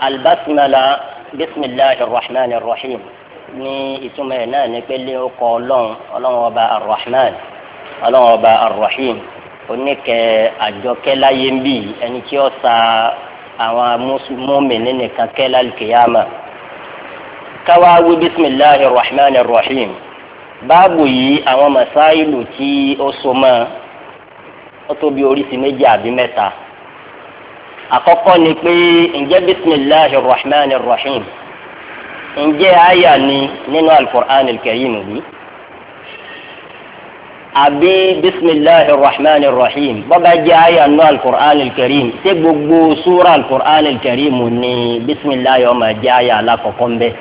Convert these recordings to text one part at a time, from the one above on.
albasimala bisimilahi rahman rahim ní ìtumọ̀ ẹ̀ náà ní pẹ́lẹ́ ọkọ̀ ọlọ́run ọlọ́run ọba arrahman ọlọ́run ọba arrahim oníkẹ́ àjọkẹ́láyé ń bì ẹni tí ó sa àwọn mùmínì nìkan kẹ́lá kìyàmà káwá wí bisimilahi rahman rahim báàbù yìí àwọn masáìlù tí ó so mọ́ ọ tó bí oríṣi méjì àbí àkọ́kọ́ ni pé ǹjẹ́ bisimilahi rahman rahim ǹjẹ́ àyà ni nínú alukur'an kẹ́yìn bí àbí bisimilahi rahman rahim bọ́bá jẹ́ àyà nínú alukur'an kẹ́yìn ṣé gbogbo súra alukur'an kẹ́yìn ni bisimilahi ọmọ jẹ́ àyà alákọ̀ọ́kọ́ ń bẹ́ẹ̀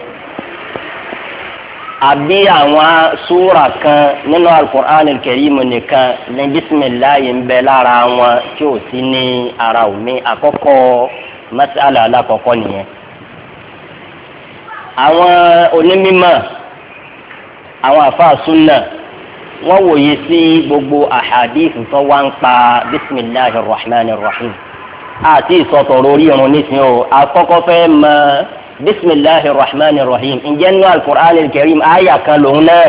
àbí àwọn súra kan nínú alukur'an kẹrìmù nìkan ní bisimilayi ń bẹ lára wọn tí ò sí ní ara omi àkọ́kọ́ masala alakọkọ nìyẹn. àwọn onímọ̀ àwọn àfáà súnà wọ́n wòye sí gbogbo àhàdíìsì tó wá ń pa bisimilayi rahman rahim àti ìsọtọ̀rọ̀ orí irun nísìnyí o àkọ́kọ́ fẹ́ mọ. بسم الله الرحمن الرحيم إن جنوا القرآن الكريم آية lòun náà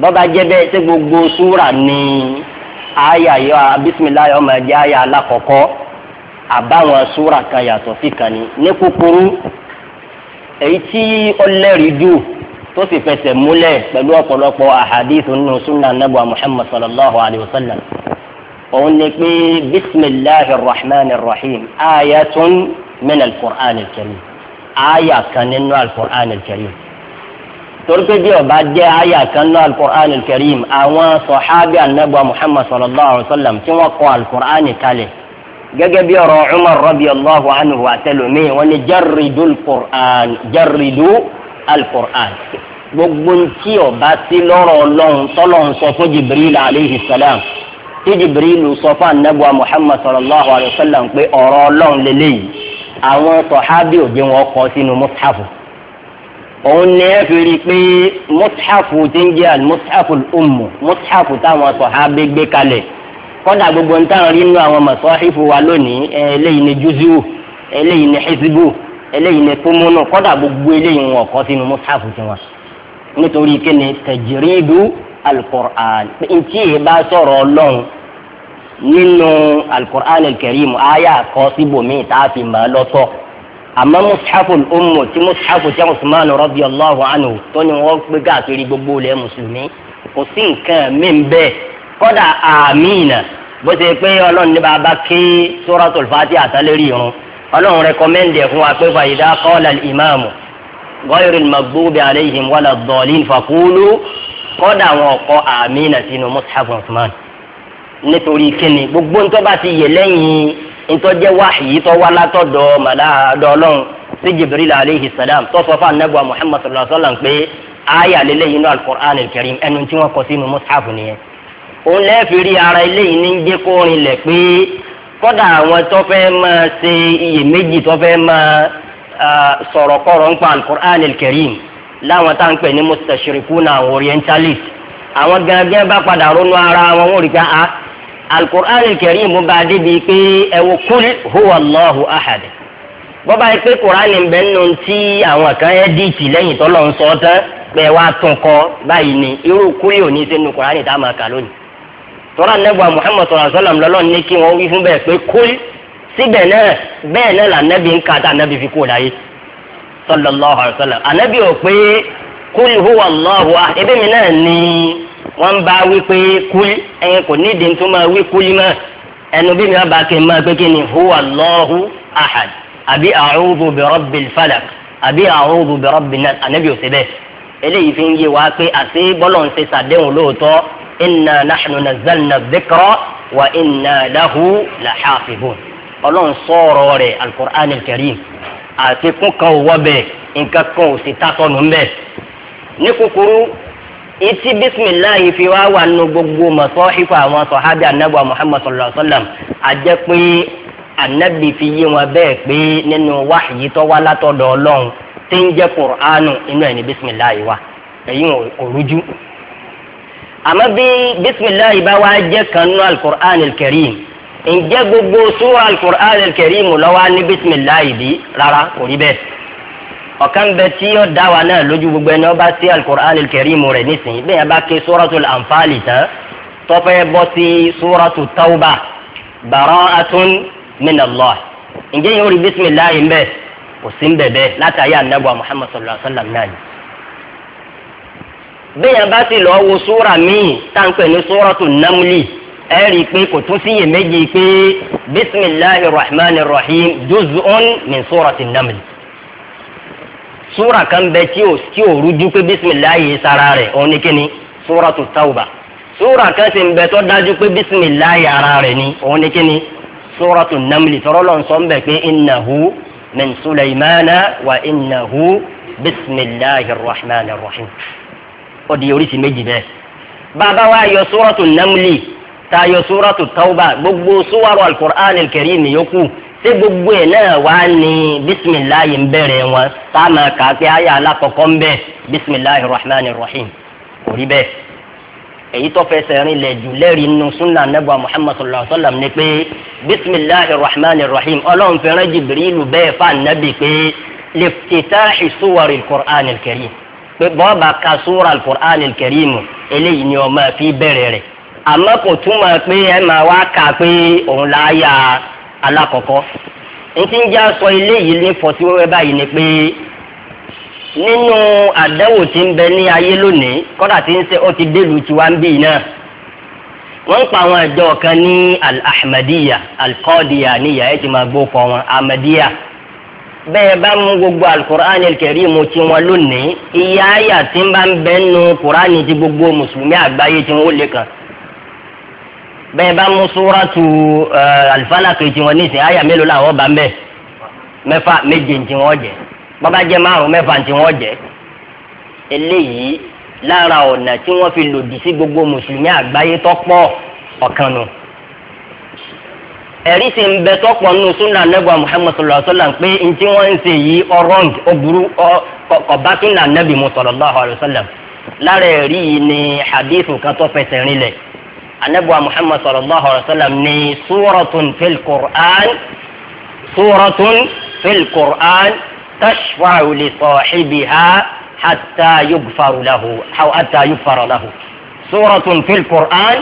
bọ́ba jẹ́ bẹ́ẹ̀ ṣé gbogbo súra ni àyà yọ bisimilahi ọmọ ẹ̀jẹ̀ àyà alákọ̀ọ́kọ́ àbáwọn súra kan yàtọ̀ sí kan ni ní kúkúrú èyí tí ó lẹ́rìí jù tó sì fẹsẹ̀ múlẹ̀ pẹ̀lú ọ̀pọ̀lọpọ̀ àhàdìsì nínú sunna anabu muhammad sallallahu alayhi wa sallam òun ni pé bisimilahi rahmani rahim àyà tún min alukur'an kẹrim àyà kan nínú al-Qur'an al-Karim torípé bí ọba jẹ́ àyà kan nínú al-Qur'an al-Karim àwọn sọ̀hábì anábọ̀ Muhammad sallallahu alayhi wa sallam tí wọ́n kọ al-Qur'an kalẹ̀ gẹ́gẹ́ bí ọ̀rọ̀ Umar radiyallahu anhu àtẹlómi wọ́n ní jarridu al-Qur'an jarridu al-Qur'an gbogbo ntí ọba sí lọ́rọ̀ ọlọ́run tọ́lọ́run sọ fún jibril aleyhi salam tí jibril sọ fún anabuwa muhammad sallallahu alayhi wa sallam pé ọ̀rọ̀ ọlọ́run lélẹ́yìí àwọn sọ̀hábì òjé wọn kọ sínú mùsàfù òun ni ẹ fi rí i pé mùsàfù ti ń jẹ́ mùsàfù ummu mùsàfù táwọn sọ̀hábì gbé kalẹ̀ kọ́dà gbogbo ń táwọn rí inú àwọn mọ̀sọ́hífù wa lónìí eléyìí ni júzíù eléyìí ni hizbu eléyìí ni túmúnù kọ́dà gbogbo eléyìí wọn kọ sínú mùsàfù tiwọn nítorí kíni tajiridu al-Qur'an ntí nínú alukur'an alkarim aya kọ síbòmí tá a fi mọ̀ ọ́ lọ́tọ̀ àmọ́ mushafu ummu tí mushafu jẹ́ usman radiyallahu anhu tó ni wọ́n gbé káàkiri gbogbo ilẹ̀ mùsùlùmí kò sí nǹkan mí bẹ́ẹ̀ kọ́dà àmìnà bó ṣe pé ọlọ́run ní bàbá kí suratul fatiha àtàlérí irun ọlọ́run rẹkọmẹ́ndì ẹ̀ fún wa pé fàyídá qala ìmáàmù ghayri al-maghdubi alayhim wala ad-dallin wọn kọ àmìnà sínú mushafu usman nítorí kíni gbogbo ntọ́ bá ti yẹ lẹ́yìn ntọ́jẹ́ wáhìí tọ́ wá látọ̀dọ̀ màdáàdọ́ ọlọ́run sí jibril aleyhi salam tó sọ fún anabu muhammad sallallahu alayhi wa sallam pé aya lélẹ́yìn inú alukur'an alkarim ẹnu tí wọ́n kọ sínú mushaf nìyẹn. òun lẹ́ẹ̀fì rí ara eléyìí ní jẹ́ kó rinlẹ̀ pé kọ́dà àwọn tó fẹ́ máa ṣe iyèméjì tó fẹ́ máa sọ̀rọ̀ kọ́rọ̀ ń pa alukur'an alkarim láwọn tá à ń pè ní mustashirikuna orientalist àwọn gangan bá padà ronú ara wọn wọ́n rí ká a. Ah, alukur'an kẹrin mo bá débi pé ẹ wo kúl huwa allahu ahad bọ́bá yìí pé kur'an ń bẹ nínú tí àwọn kan ẹ́ dìtì lẹ́yìn tọ́lọ̀ ń sọ tán pé wàá tún kọ báyìí ni irú kúl ò ní sínú kur'an tá a máa kà lónìí tọ́lá nẹ́gbà muhammad sọ̀rọ̀ sọ́làm lọ́lọ́run ní kí wọ́n wí fún bẹ́ẹ̀ pé kúl síbẹ̀ náà bẹ́ẹ̀ náà là nẹ́bi ń ka tá fi kú láyé sallallahu alaihi wasallam ànẹ́bi ò pé kúl huwa allahu ahad ebí mi náà ní wọ́n ń bá wí pé kúlí ẹ̀yin kò nídìí tó máa wí kúlí mọ́ ẹnu bí mi bá kí n máa pé kí ni huwa Allahu ahad àbí a'udhu bi rabbil falaq àbí a'udhu bi rabbin nas ànábì ò eléyìí fi ń yé wa pé àti bọ́lọ̀ ń sàdéhùn lóòótọ́ inna nahnu nazzalna dhikra wa inna lahu lahafidhun ọlọ́run sọ̀rọ̀ rẹ̀ al-Qur'an àti kún kan wọ́ bẹ́ẹ̀ nǹkan kan ò sì tásọ̀nù ń bẹ́ẹ̀ ní kúkúrú ìtí bisimilahi fi wá wà nù gbogbo mọ̀sọ́hífà àwọn sọ̀hábì anábì muhammad sallallahu alayhi wa sallam àjẹ́ pé anábì fi yé wọn bẹ́ẹ̀ pé nínú wáhìí tó wá látọ̀dọ̀ ọlọ́run tí ń jẹ́ kùránù inú ẹ̀ ní bisimilahi wa èyí ò rújú. àmọ́ bí bisimilahi bá wá jẹ́ kan nínú alukur'an al gbogbo súwọ́ alukur'an al-karim ló bisimilahi bí rárá kò rí ọ̀kan bẹ tí yóò dá wa náà lójú gbogbo ẹni ọba sí alukur'an kẹrìmù rẹ nísìnyí bẹ́ẹ̀ yẹn bá ké sóràtò ànfààlì tán tọ́fẹ́ bọ́ sí sóràtò tawba bara'atun minallah ǹjẹ́ yóò rí bisimilahi ń bẹ̀ kò sí ń bẹ̀ bẹ́ẹ̀ látàyà anábọ̀ muhammad sallallahu alayhi wa sallam náà ni. bẹ́ẹ̀ yẹn bá sì lọ́ọ́ wo sóra míì táǹpẹ̀ ní sóràtò namli ẹ rí i pé kò tún síyèméjì pé bisimilahi rahman rahim juz'un min sóràtò namli súra kan bẹ tí o tí o rújú pé bisimilayi sara rẹ̀ òun ni kíni súra tó tawba súra kan sì ń bẹ tó dájú pé bisimilayi ara rẹ̀ ni òun ni kíni súra tó namli tọrọ lọ sọ ń bẹ pé innahu min sulaimana wa innahu bisimilayi rahman rahim ó di oríṣi méjì bẹ́ẹ̀ bàbá wa yọ súra tó namli tá a yọ súra tó tawba gbogbo súwárò alukur'an kẹrin ni yókù ṣé gbogbo ẹ̀ náà wá ní bisimilayi ń bẹ̀rẹ̀ wọn tá a máa kà á pé àyà alákọ̀ọ́kọ́ ń bẹ̀ bisimilayi rahman rahim kò rí bẹ́ẹ̀ èyí tó fẹsẹ̀ rìn lẹ̀ jù lẹ́rìí nínú sunna anabuwa muhammad sallallahu alayhi wa sallam ni pé bisimilahi rahman rahim ọlọ́run fẹ́ràn jibrilu bẹ́ẹ̀ fà nábì pé liftitahi suwari qur'an alkarim pé bọ́ọ̀bà ka suwari qur'an alkarim eléyìí ni ó fi bẹ̀rẹ̀ rẹ̀ àmọ́ kò túmọ̀ pé ẹ máa wá kà pé òun láyà alákọ̀ọ́kọ́ ntí ń jẹ́ aṣọ ilé yìí ní fọ́síwẹ́wẹ́ báyìí ni pé nínú àdánwò tí ń bẹ ní ayé lónìí kọ́dà tí ń ṣe ó ti délùú tiwa ń bì náà wọ́n ń pa àwọn ẹ̀jọ́ kan ní al-ahmadiyya al-qadiya níyà ẹ̀ ti máa gbó kọ́ wọn ahmadiyya bẹ́ẹ̀ bá mú gbogbo al-Qur'an al-Karim tí wọ́n lónìí ìyá àyà tí ń bá ń bẹ́ẹ̀ nu Qur'an ti gbogbo mùsùlùmí àgbáyé tí wọ́n lè kàn bẹ́ẹ̀ bá mú súrátù eh, alifalaki tí wọ́n ní sìn àyà mélòó làwọn bá ń bẹ̀ mẹ́fà méje tí wọ́n jẹ́ bàbá jẹ́ márùn mẹ́fà tí wọ́n jẹ́ eléyìí lára ọ̀nà tí wọ́n fi lòdì sí gbogbo mùsùlùmí àgbáyé tọ́pọ̀ ọ̀kan nù. ẹ̀rí sì ń bẹ tọ́pọ̀ nù súnà nẹ́gbà pé wọ́n ń yìí súnà nẹ́bì lára ẹ̀rí yìí ni kan tó fẹsẹ̀ rinlẹ̀ النبي محمد صلى الله عليه وسلم ني سورة في القرآن سورة في القرآن تشفع لصاحبها حتى يغفر له أو حتى يغفر له سورة في القرآن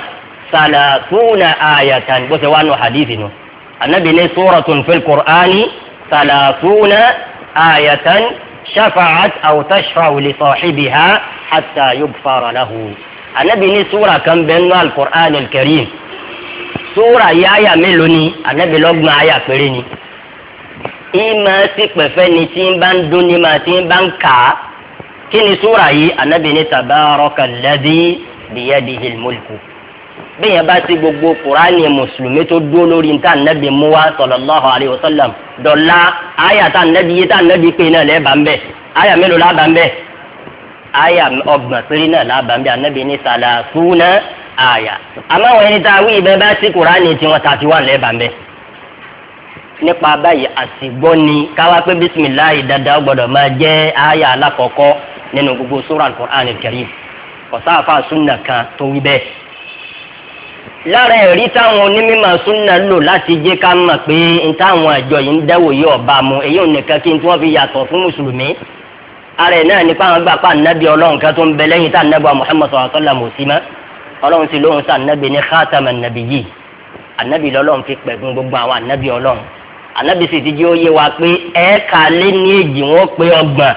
ثلاثون آية بس وأنا حديثنا النبي ني سورة في القرآن ثلاثون آية شفعت أو تشفع لصاحبها حتى يغفر له anabi ní súra kan bẹ nínú alukur'an alkarim súra yìí àyà mélòó ni anabi lọ́gbọ̀n àyà péré ni ìmọ̀ sí pẹ̀fẹ́ ni tí ń bá ń dún ni màá tí ń bá ń kà á kí ni súra yìí anabi ní tabaraka alladhi biyadihi almulku bẹ́ẹ̀ yẹn bá ti gbogbo kuraani mùsùlùmí tó dúró lórí ní tá nàbì muwa sallallahu alayhi wa sallam dọ̀la àyà tá nàbì yìí tá nàbì pé náà lẹ́ẹ̀ bá ń bẹ̀ àyà mélòó lá bá ń bẹ̀ àyà ọgbọ̀n péré náà lábàámbí anábì ní sàlàsúnà àyà àmọ́ àwọn ẹni tá a wí ibẹ̀ bá sí kùránì tiwọn tàbí wà lẹ́bàámbẹ́ nípa báyìí àsìgbọ́ ni káwá pé bisimilayi dada gbọ́dọ̀ máa jẹ́ àyà alákọ̀ọ́kọ́ nínú gbogbo sura alukur'an karim kọ̀sáfà súnà kan tó wí bẹ́ẹ̀ lára ẹ̀rí táwọn onímọ̀ súnà lò láti jẹ́ ká mọ̀ pé táwọn àjọ yìí ń dẹ́wò yìí ọ̀bá mu èyí ò nìkan ara ẹ̀ náà nípa àwọn gbà pa ànábì ọlọ́run kan tó ń bẹ lẹ́yìn tá ànábì wa Muhammad sallallahu alaihi wasallam sí mọ́ ọlọ́run sì lóhun sí ànábì ní khatam ànábì yìí ànábì lọ́lọ́run fi pẹ̀gùn gbogbo àwọn ànábì ọlọ́run ànábì sì ti jẹ́ ó yé wa pé ẹ̀ẹ́ka lé ní èjì wọn pé ọgbọ̀n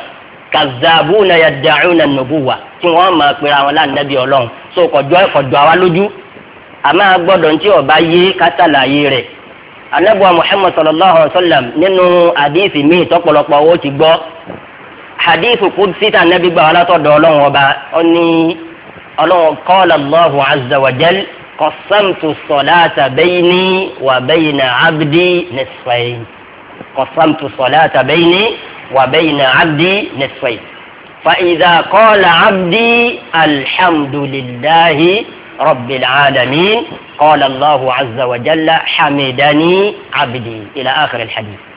kazabuna yada'una nubuwa tí wọ́n máa pera wọn lánàbí ọlọ́run so kọjọ kọjọ àwa lójú àmọ́ agbọ́dọ̀ ntí ọba yé kátàlàyé rẹ̀ anabuwa muhammad sallallahu alayhi wa sallam nínú àdìsí mi tọpọlọpọ owó ti gbọ́ hadithu qudsi ta nabi gba alatọdọ Ọlọ́run ọba ọni Ọlọ́run qala Allahu azza wa jal qasamtu salata bayni wa bayna abdi nisfayn qasamtu salata bayni wa bayna abdi nisfayn fa idha qala abdi alhamdulillahi rabbil alamin qala Allahu azza wa jalla hamidani abdi ila akhir alhadith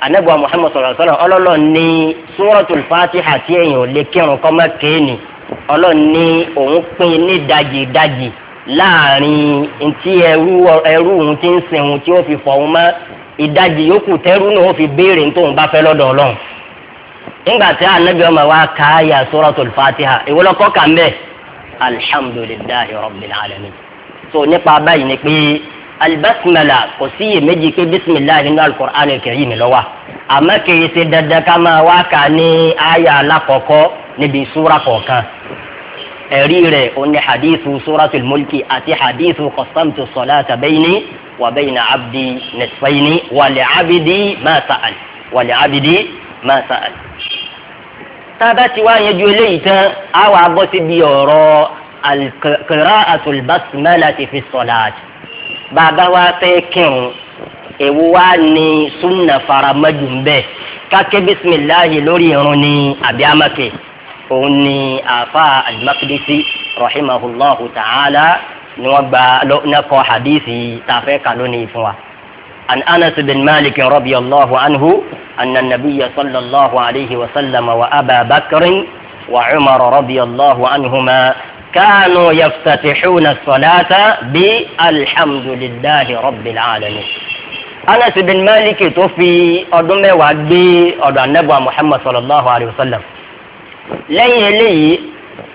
anabiwa muhammad sallallahu alaihi wasallam ọlọlọ ní suratul fatiha tí èèyàn ò lè kírun kọ́má kéènì ọlọ́run ní òun pín ní dajì dajì láàrin ntí ẹrú ẹrú òun ti ń sin òun tí ó fi fọ òun mọ́ ìdajì yòókù tẹ́rú náà ó fi béèrè ní tóun bá fẹ́ lọ́dọ̀ ọlọ́run nígbà tí anabi ọmọ wa ka àyà suratul fatiha ìwọ lọkọ kà ń rabbil alamin so nípa báyìí ni pé albasimala kò sí iye méjì pé bisimilahi nínú alukur'an kẹrìmì lọ́wọ́ àmọ́ kìí ṣe dandan ká máa wá kà ní àyà alákọ̀ọ́kọ́ níbi súra kọ̀ọ̀kan ẹ̀rí rẹ̀ ó ní hadithu suratul mulki àti hadithu qasamtu salata bayni wa bayna abdi nisfayni wa li abdi ma sa'al wa li abdi ma sa'al. tá a eléyìí tán á wàá bọ́ síbi ọ̀rọ̀ alqira'atul basmalati fi salati bàbá wa fẹ́ kírun èwo wa ni sunna faramaju bẹ́ẹ̀ kákẹ́ bisimilahi lórí irun ni àbí amákè òun ni àfa alimakidisi rahimahulahu ta'ala ni wọ́n gba nakọ hadithi tàfẹ́ kalóni fún wa. عن أنس بن مالك رضي الله عنه أن النبي صلى الله عليه وسلم وأبا بكر وعمر رضي الله عنهما كانوا يفتتحون الصلاة بالحمد لله رب العالمين Anas bin Malik tó أدم ọdún mẹ́wàá gbé محمد صلى الله عليه وسلم. wa sallam lẹ́yìn eléyìí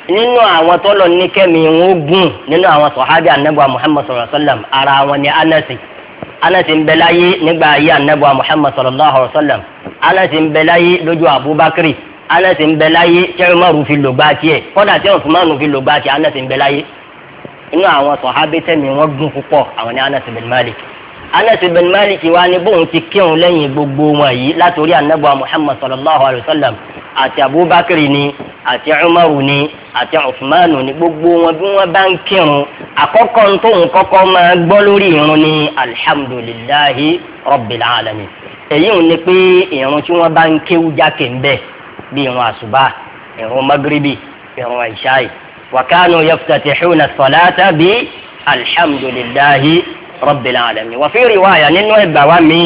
nínú àwọn tọ́lọ̀ níkẹ́mi wọn gùn nínú àwọn sọ̀hábì anábọ̀ Muhammad sallallahu alayhi wa sallam ara wọn ni Anas Anas ń bẹ láyé nígbà ayé anábọ̀ Muhammad sallallahu alayhi wa sallam Anas ń bẹ Abubakar anasi ń bẹ láyé tí umaru fi lò gbá tiẹ̀ kódà tí usmanu fi lò gbá tiẹ̀ anasi ń bẹ láyé inú àwọn sọ̀hábí tẹ̀mí wọn gùn púpọ̀ àwọn ní anasi bin malik anasi bin malik wa ni bóun ti kírun lẹ́yìn gbogbo wọn yìí látòrí anabuwa muhammad sallallahu alayhi wa sallam àti abubakar ni àti umaru ni àti usmanu ni gbogbo wọn bí wọn bá ń kírun àkọ́kọ́ tóun kọ́kọ́ máa gbọ́ lórí irun ni alhamdulillahi rabbil alamin èyí ò ní pé irun tí wọn bá ń kéwú jákè ń bẹ́ẹ̀ bí ìrun àṣùbà ìrun magrebi ìrun àìṣáì wàkánù yaftatihuna salata bí alhamdulillahi rabbil alamin wa fi riwaya nínú ẹgbà wa mi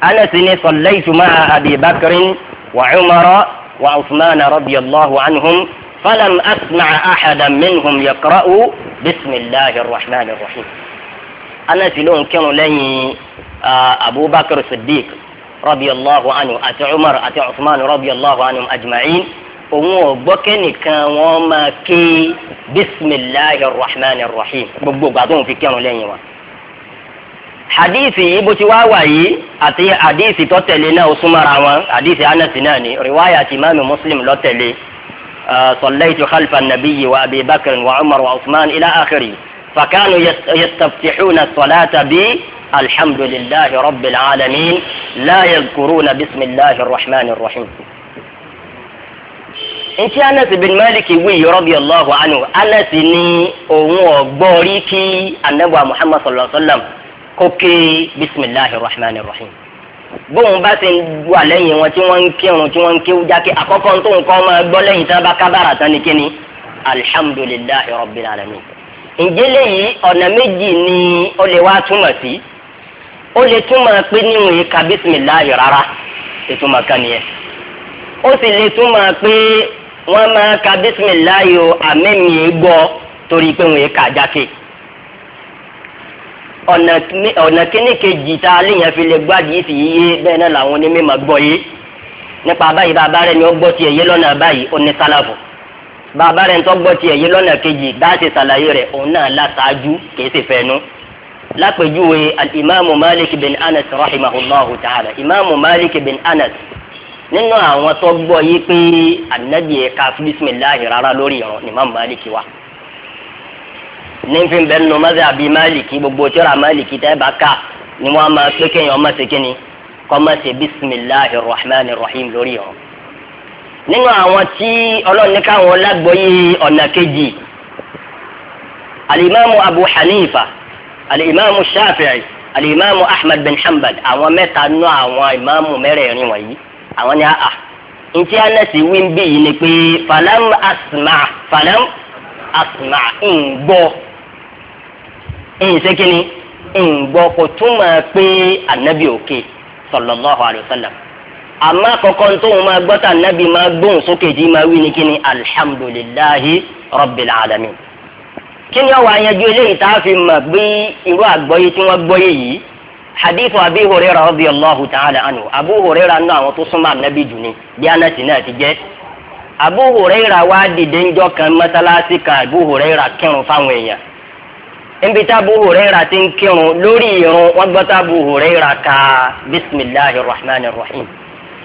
anasi ni sallaytu ma'a abi bakrin wa umara wa usmana radiyallahu anhum falam asma ahadan minhum yaqra'u bisimilahi rahman rahim anasi ló ń kírun lẹ́yìn ah, abubakar siddiq رضي الله عنه أتى عمر أتى عثمان رضي الله عنهم أجمعين أمو بكني كان وما كي بسم الله الرحمن الرحيم ببو قادون في كانوا لين يوان حديثي يبوتي واواي أتي حديثي توتلينا وسمر عوان حديثي أنا سناني رواية إمام مسلم لوتلي صليت خلف النبي وأبي بكر وعمر وعثمان إلى آخره فكانوا يستفتحون الصلاة بي الحمد لله رب العالمين لا يذكرون bisimilahi الله rahim. الرحيم anas bin malik wíyí radiyallahu anhu anas ní òun ọgbọ́ rí kí anabu muhammad sallallahu alayhi wa sallam kó ké bisimilahi rahman rahim. bóun bá ti wà lẹ́yìn wọn tí wọ́n ń kírun tí wọ́n ń kéwú jákè àkọ́kọ́ tó nǹkan máa gbọ́ lẹ́yìn tí bá kábàrà tán ni kíni alhamdulilahi rabbil alamin. ǹjẹ́ lẹ́yìn ọ̀nà méjì ni ó lè wá túmọ̀ sí. Si ó lè túmọ̀ pé nínú yìí ka bisimilahi rárá ìtumọ̀ kan nìyẹn ó sì lè túmọ̀ pé wọ́n máa ka bisimilahi o àmẹ́mìí gbọ́ torí pé wọ́n yìí ka jákè ọ̀nà kíní kejì tá a léèyàn fi lè gbádìí sì yíyé bẹ́ẹ̀ náà làwọn onímọ̀ gbọ́ yé nípa báyìí bàbá rẹ̀ ni ó gbọ́ tiẹ̀ yé lọ́nà báyìí ó ní sálàfù bàbá rẹ̀ ń tọ́ gbọ́ tiẹ̀ yé lọ́nà kejì bá ti ṣàlàyé rẹ̀ òun náà láṣáájú kìí sì fẹ́ nu. No lápèjúwe alimami malik bin anas rahimahullahu ta'ala imaamu malik bin anas nínú àwọn tó gbọ́ yìí pé anabi ẹ̀ka bisimilahi rárá lórí ìrun ni imaamu malik wa nífin bẹ́ẹ̀ nù mọ́tò àbí malik gbogbo tíra malik tẹ́ bá ká ni wọ́n máa pé kéèyàn ọmọ sí kínní kọ́ máa ṣe bisimilahi rahman rahim lórí ìrun nínú àwọn tí ọlọ́ọ̀ni káwọn lágbọ́ yìí ọ̀nà kejì alimami abu hanifa alimami shafi'i alimami ahmed bin hanbal àwọn mẹ́ta nú àwọn imamu mẹ́rẹ̀ẹ̀rin wọ̀nyí àwọn ni a ntí anasi wí ń bí yìí ni pé falam asma falam asma ń gbọ́ ń ṣe kínní ń gbọ́ kò túmọ̀ pé anabi òkè sallallahu alayhi wa sallam àmọ́ àkọ́kọ́ tó ń máa gbọ́ta anabi máa gbóhùn sókè jí máa wí ni kínní alhamdulillahi rabbil alamin kí ni ọwọ́ ayanjú eléyìí tá a fi mọ̀ bí irú àgbọ́yé tí wọ́n gbọ́yé yìí hadith abi hurera radiyallahu ta'ala anhu abu hurera náà àwọn tó súnmọ́ anabi jù ni bí anasi náà ti jẹ́ abu hurera wá dìde ńjọ́ kan mọ́sálásí kan abu hurera kírun fáwọn èèyàn níbi tá abu hurera ti ń kírun lórí irun wọ́n gbọ́ tá abu hurera ka bisimilahi rahman rahim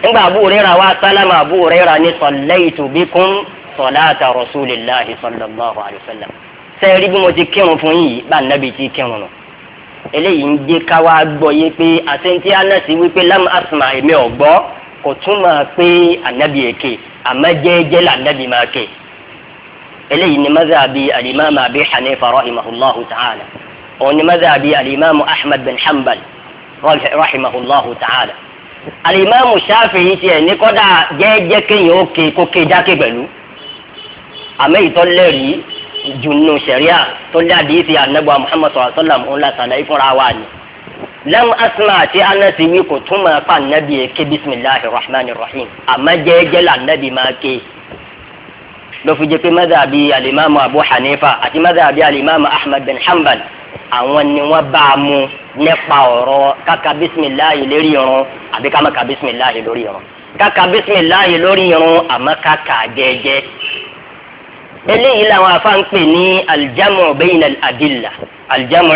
nígbà abu hurera wá sálámà abu hurera ní sallaytu bikum salata rasulillahi sallallahu alayhi wa sallam sẹ́ẹ̀rí bí mo ti kírun fún yìí bá nàbì ti kírun nù eléyìí ń gbé ká wá gbọ́ yé pé àtẹ̀ntì anasi wípé lam asma èmi ò gbọ́ kò túmọ̀ pé ànábì èké àmọ́ jẹ́ẹ́jẹ́ là ànábì máa ké eléyìí ni mazhabi alimami abi hanifa rahimahullahu ta'ala òun ni mazhabi alimami ahmad bin hanbal rahimahullahu ta'ala alimami shafi'i tiẹ̀ ní kọ́dà jẹ́ẹ́jẹ́ kéèyàn ó ké kó ké jákè pẹ̀lú àmọ́ ìtọ́lẹ́rìí junu sariya tó dá àdìsí anabuwa muhammad sallallahu alaihi wa sallam ọ̀la sàlàyé fúnra wa ni. lam asma ti anasi wi ko tuma pa nabi ye ke bisimilahi rahmani rahim ama jẹ́jẹ́ la nabi ma ke lọfi jẹ́ pé madhabi alimami abu hanifa àti madhabi alimami ahmed bin hanbal àwọn ni wọ́n bá a mú nípa ọ̀rọ̀ kaka bisimilahi lórí irun àbí kama ka bisimilahi lórí irun kaka bisimilahi lórí irun àmọ́ kaka jẹ́jẹ́ eléyìí làwọn afa ń pè ní aljamu bẹ́yìn adìlà aljamu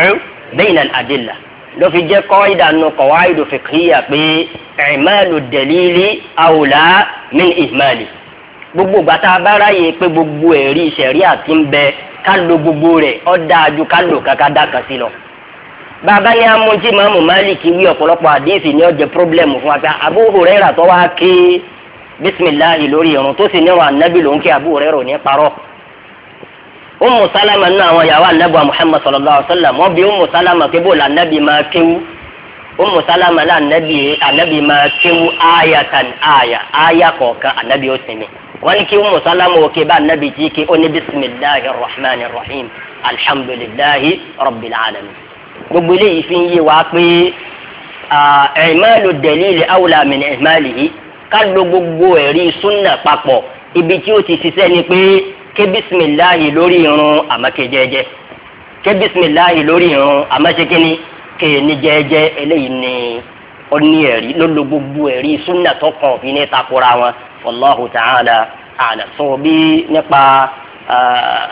bẹ́yìn adìlà ló fi jẹ́ kọ́ìdà nù kọ́wáìdù fìkìyà pé ìmáàlù dẹ̀lílì àwòlá min ìmáàlì gbogbo gbàtà abára yìí pé gbogbo ẹ̀rí ìṣẹ̀rí àti ń bẹ ká lo gbogbo rẹ̀ ọ́ dáa ju ká lò kàkà dá kan sí lọ bàbá ni amúntí màmú málìkì wí ọ̀pọ̀lọpọ̀ àdéhìsì ni ó jẹ́ pírọ́blẹ̀mù fún wa pé Abu Hurairah tó wá ké bísímìláhì lórí irun tó sì níwọ̀n anábì ló ń ké Abu Hurairah ní parọ́ Ummu Salama nínú àwọn ìyàwó anabi Muhammad sallallahu alaihi wa sallam wọ́n bi Ummu Salama pé bóòlù anabi máa kéwú Ummu Salama lá anabi anabi máa kéwú ayatan aya aya kọ̀ọ̀kan anabi ó sinmi wọ́n ní kí Ummu Salama ó ké bá anabi jí ké ó ní bisimilahi rahmanir rahim alhamdulilahi rabbil alamin gbogbo eléyìí fi ń yé wa pé ẹ̀ẹ́mẹ́lò dẹ̀lílì awla min ẹ̀ẹ́mẹ́lì yìí ká lo gbogbo ẹ̀rí sunna papọ̀ ibi tí ó ti ṣiṣẹ́ ni pé ké bisimilahi lórí irun àmàké jẹ́jẹ́ ké bisimilahi lórí irun àmàké kíni ké ní jẹ́jẹ́ eléyìí ni ó ní ẹ̀rí lólo gbogbo ẹ̀rí súnà tó kàn fi ní takora wọn wallahu ta'ala àlà sọ bí nípa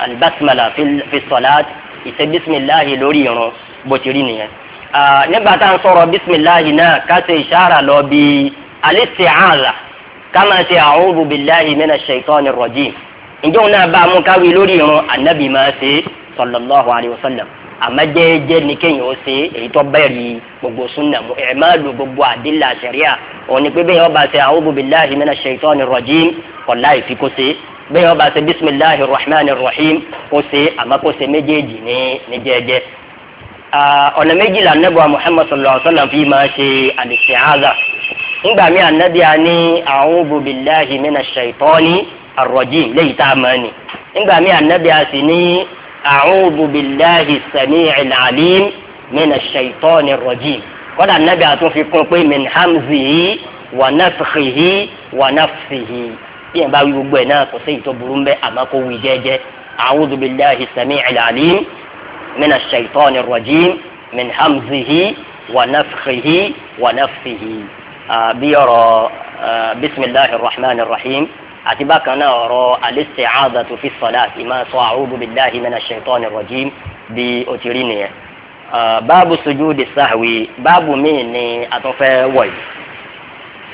alibasimala fi sọlá ìṣe bisimilahi lórí irun bó ti rí nìyẹn nígbà tá à ń sọ̀rọ̀ bisimilahi náà ká ṣe ìṣàrà lọ bí alẹ́ sèhánlá ká máa ṣe a'udhu billahi minash shaitani rajim njẹ́ òun náà bá a mú káwé lórí irun anabi máa ṣe sallallahu alayhi wa sallam àmọ́ jẹ́ẹ́jẹ́ ni kéèyàn ó ṣe èyí tó bẹ̀rì gbogbo sunna mu ẹ̀ máa lo gbogbo àdìlà sẹ̀ríà òun ni pé bẹ́ẹ̀ ọba ṣe a'udhu billahi minash shaitani rajim ọ̀la ìfi kó ṣe bẹ́ẹ̀ ọba ṣe bisimilahi rahmanir rahim kó ṣe àmọ́ kó ṣe méjèèjì ní ní jẹ́ẹ́jẹ́. ọ̀nà méjìlá anábọ̀ muhammad sallallahu alayhi wa sallam fi máa ṣe al ńgbà mí anábìá ní a'udhu billahi minash shaitani rajim arrojim léyìí tá a mọ̀ ni nígbà míì anabi a sì ní a'udhu billahi sami'il alim mina shaitani rojim kódà anabi a tún fi kún pé min hamzihi wa nafihi wa nafihi bí yẹn bá wí gbogbo ẹ̀ náà kò sí ìtọ́ burú ń bẹ́ àmọ́ kó wí jẹ́jẹ́ a'udhu mina shaitani rojim min hamzihi wa nafihi wa nafihi bí bisimilahi rahman rahim àti bákan náà ọ̀rọ̀ al-isti'adhatu fi s-salati àti máa sọ a'udhu billahi minash shaitani r-rajim bí o ti rí nìyẹn. báàbù sujudi sahwi báàbù míì ni a tún fẹ́ wọ̀ yìí.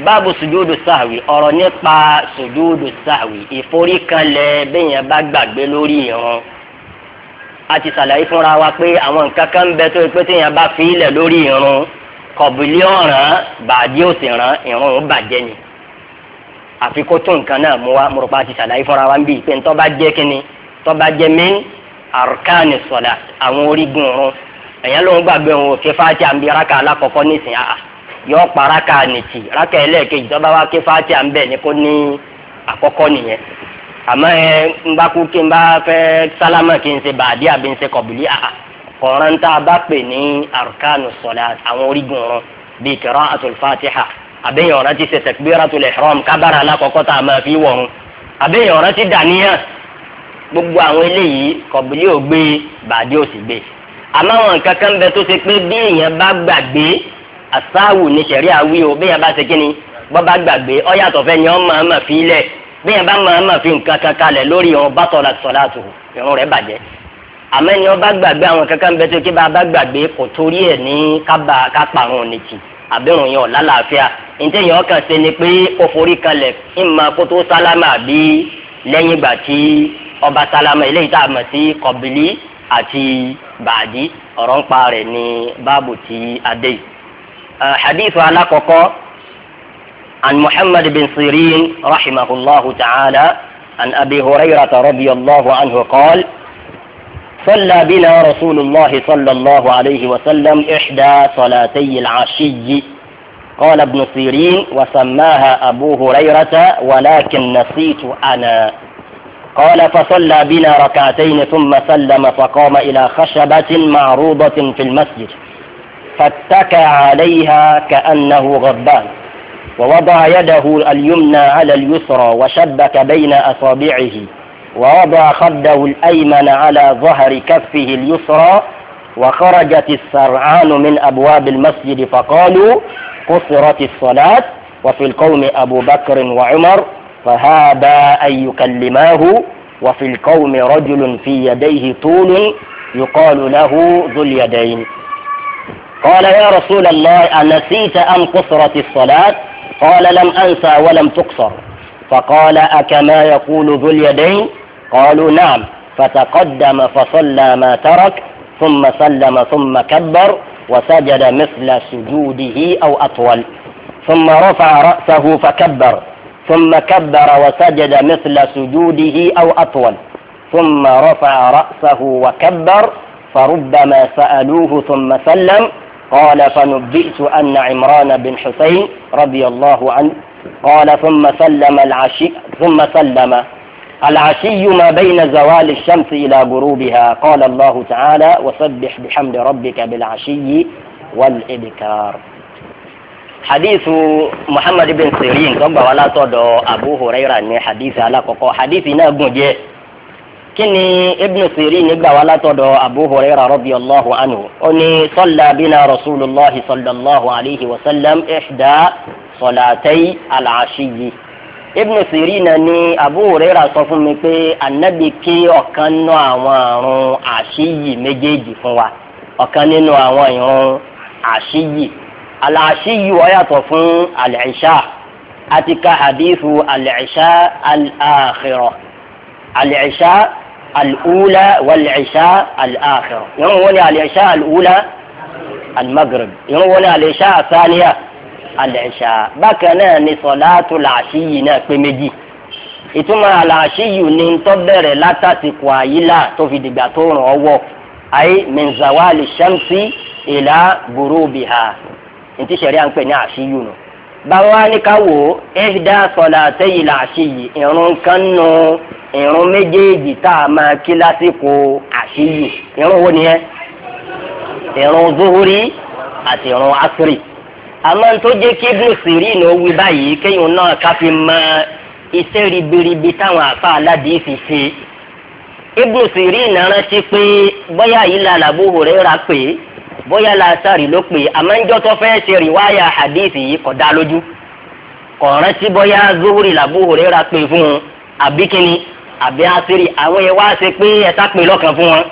báàbù sujudi sahwi ọ̀rọ̀ nípa sujudi sahwi ìforíkanlẹ̀ bẹ́yẹn bá gbàgbé lórí ìrun. a ti ṣàlàyé fúnra wa pé àwọn nǹkan kan bẹ tó pé téèyàn bá fi ilẹ̀ lórí ìrun kọ̀bìlì ọ̀ràn bàdí òsì ràn ìrun ò bàjẹ́ ni àfi kó tó nǹkan náà mú wa mọ̀rọ̀pá ti ṣàlàyé fúnra wa ń bí pé ntọ́ bá jẹ́ kínní tọ́ bá jẹ́ min arkani sọ̀dà àwọn orígun ọ̀run èyàn ló ń gbàgbé òun òfin fáti àǹbí raka alákọ̀ọ́kọ́ nísìn àà yọ pa raka nìtì raka ẹlẹ́ẹ̀kejì tọ́ bá wá ké fáti àǹbẹ̀ ni kó ní àkọ́kọ́ nìyẹn àmọ́ ẹ ń bá kú kí n bá fẹ́ sálámà kí n ṣe bàdí àbí n ṣe kọ̀bìlì àà kọ̀ọ̀rán tá a bá pè ní arkani sọ̀dà àwọn orígun ọ̀run bíi qira'atul fatiha àbẹ́yẹn ọ̀rẹ́ ti ṣe takbiratul ihram kábàrà alákọ̀ọ́kọ́ tá a máa fi wọ̀run àbẹ́yẹn ọ̀rẹ́ ti dàníyàn gbogbo àwọn eléyìí kọ̀bìlì ò gbé bàdí ò sì gbé àmọ́ àwọn nǹkan bẹ tó ṣe pé bí èèyàn bá gbàgbé àsáwù ní sẹ̀rí àwí o bẹ́ẹ̀ bá ṣe kí ni bọ́ bá gbàgbé ọ yàtọ̀ fẹ́ ni ọ máa ma fi lẹ̀ bẹ́ẹ̀ bá máa ma fi nǹkan kan kalẹ̀ lórí ìrun bá tọ̀ láti sọ̀lá àtò ìrun rẹ̀ bàjẹ́ àmọ́ ẹni ọ bá gbàgbé àwọn kankan bẹ tó ṣe pé bá bá gbàgbé kò torí ẹ̀ ní kápá àrùn òní tì í àbẹ̀rùn yẹn ọ̀la làáfíà ǹjẹ́ yẹn ọkàn ṣe ni pé ó forí kalẹ̀ ń ma kótó sálámà bí lẹ́yìn ìgbà tí ọba sálámà eléyìí tá a mọ̀ sí kọ̀bìlì àti bàdí ọ̀rọ̀ ń pa rẹ̀ ní báàbù tí a dé yìí. hadith alakoko an muhammad bin sirin rahimahullahu ta'ala an abi hurayrata radiyallahu anhu qala. صلى بنا رسول الله صلى الله عليه وسلم إحدى صلاتي العشي قال ابن سيرين وسماها أبو هريرة ولكن نسيت أنا قال فصلى بنا ركعتين ثم سلم فقام إلى خشبة معروضة في المسجد فاتكى عليها كأنه غضبان ووضع يده اليمنى على اليسرى وشبك بين أصابعه ووضع خده الأيمن على ظهر كفه اليسرى وخرجت السرعان من أبواب المسجد فقالوا قصرت الصلاة وفي القوم أبو بكر وعمر فهابا أن يكلماه وفي القوم رجل في يديه طول يقال له ذو اليدين قال يا رسول الله أنسيت أم قصرت الصلاة قال لم أنسى ولم تقصر فقال أكما يقول ذو اليدين قالوا نعم فتقدم فصلى ما ترك ثم سلم ثم كبر وسجد مثل سجوده أو أطول ثم رفع رأسه فكبر ثم كبر وسجد مثل سجوده أو أطول ثم رفع رأسه وكبر فربما سألوه ثم سلم قال فنبئت أن عمران بن حسين رضي الله عنه قال ثم سلم العشي ثم سلم العشي ما بين زوال الشمس إلى غروبها قال الله تعالى وسبح بحمد ربك بالعشي والإبكار حديث محمد بن سيرين ربا ولا تود أبو هريرة أن حديث على قوقو حديث ناب جي كني ابن سيرين ربا ولا تود أبو هريرة رضي الله عنه أني صلى بنا رسول الله صلى الله عليه وسلم إحدى صلاتي العشي ibnu sirina ní abu huraira sọ fún mi pé anabi kí ọ̀kan nínú àwọn àrùn àṣìyì méjèèjì fún wa ọ̀kan nínú àwọn ìrùn àṣìyì aláṣìyì wọ́n yàtọ̀ fún àlẹ́ṣà àti ka hadithu àlẹ́ṣà al-akhirah àlẹ́ṣà al-ula wal-ẹ̀ṣà al-akhirah ìrùn wọn ni àlẹ́ṣà al-ula al-maghrib ìrùn wọn ni alesa àṣàníyà. àlẹ́ṣà bákan náà ni sọ̀láàtù làṣí yìí náà pé méjì ìtumọ̀ àlàṣí yìí ni tó bẹ̀rẹ̀ látàsìkò àyílà tó fi dìgbà tó ràn ọ́ wọ̀ ayé mẹ́nzàwálì ṣẹ́mṣí ìlà burúbìhà ntí sẹ̀rí à ń pè ní àṣí yìí nù. báwa ní ká wò ó ẹ̀dá sọ̀láàtẹ́ yìí làṣí yìí ìrun kan nù ìrun méjèèjì tá a máa kí lásìkò àṣí yìí ìrun wo ni ẹ ìrun zuhuri àti ìrun asiri àmọ́ tó jẹ́ kí ibùn sírí ní owó báyìí kéyìn náà ká fi mọ iṣẹ́ ribiribi táwọn àfa aládìí fi ṣe ibùn sírí ìnára ti pé bóyá yìí la làbúhò rẹ̀ rà pé bóyá làásàrì ló pé àmọ́ ń jọ́tọ́ fẹ́ ṣe rìwáyà hadithi yìí kò dá lójú kò rántí bóyá zuhuri làbúhò rẹ̀ rà pé fún un àbí kíni àbí àṣírí àwọn ẹ̀ wá ṣe pé ẹ̀ sá lọ́kàn fún wọn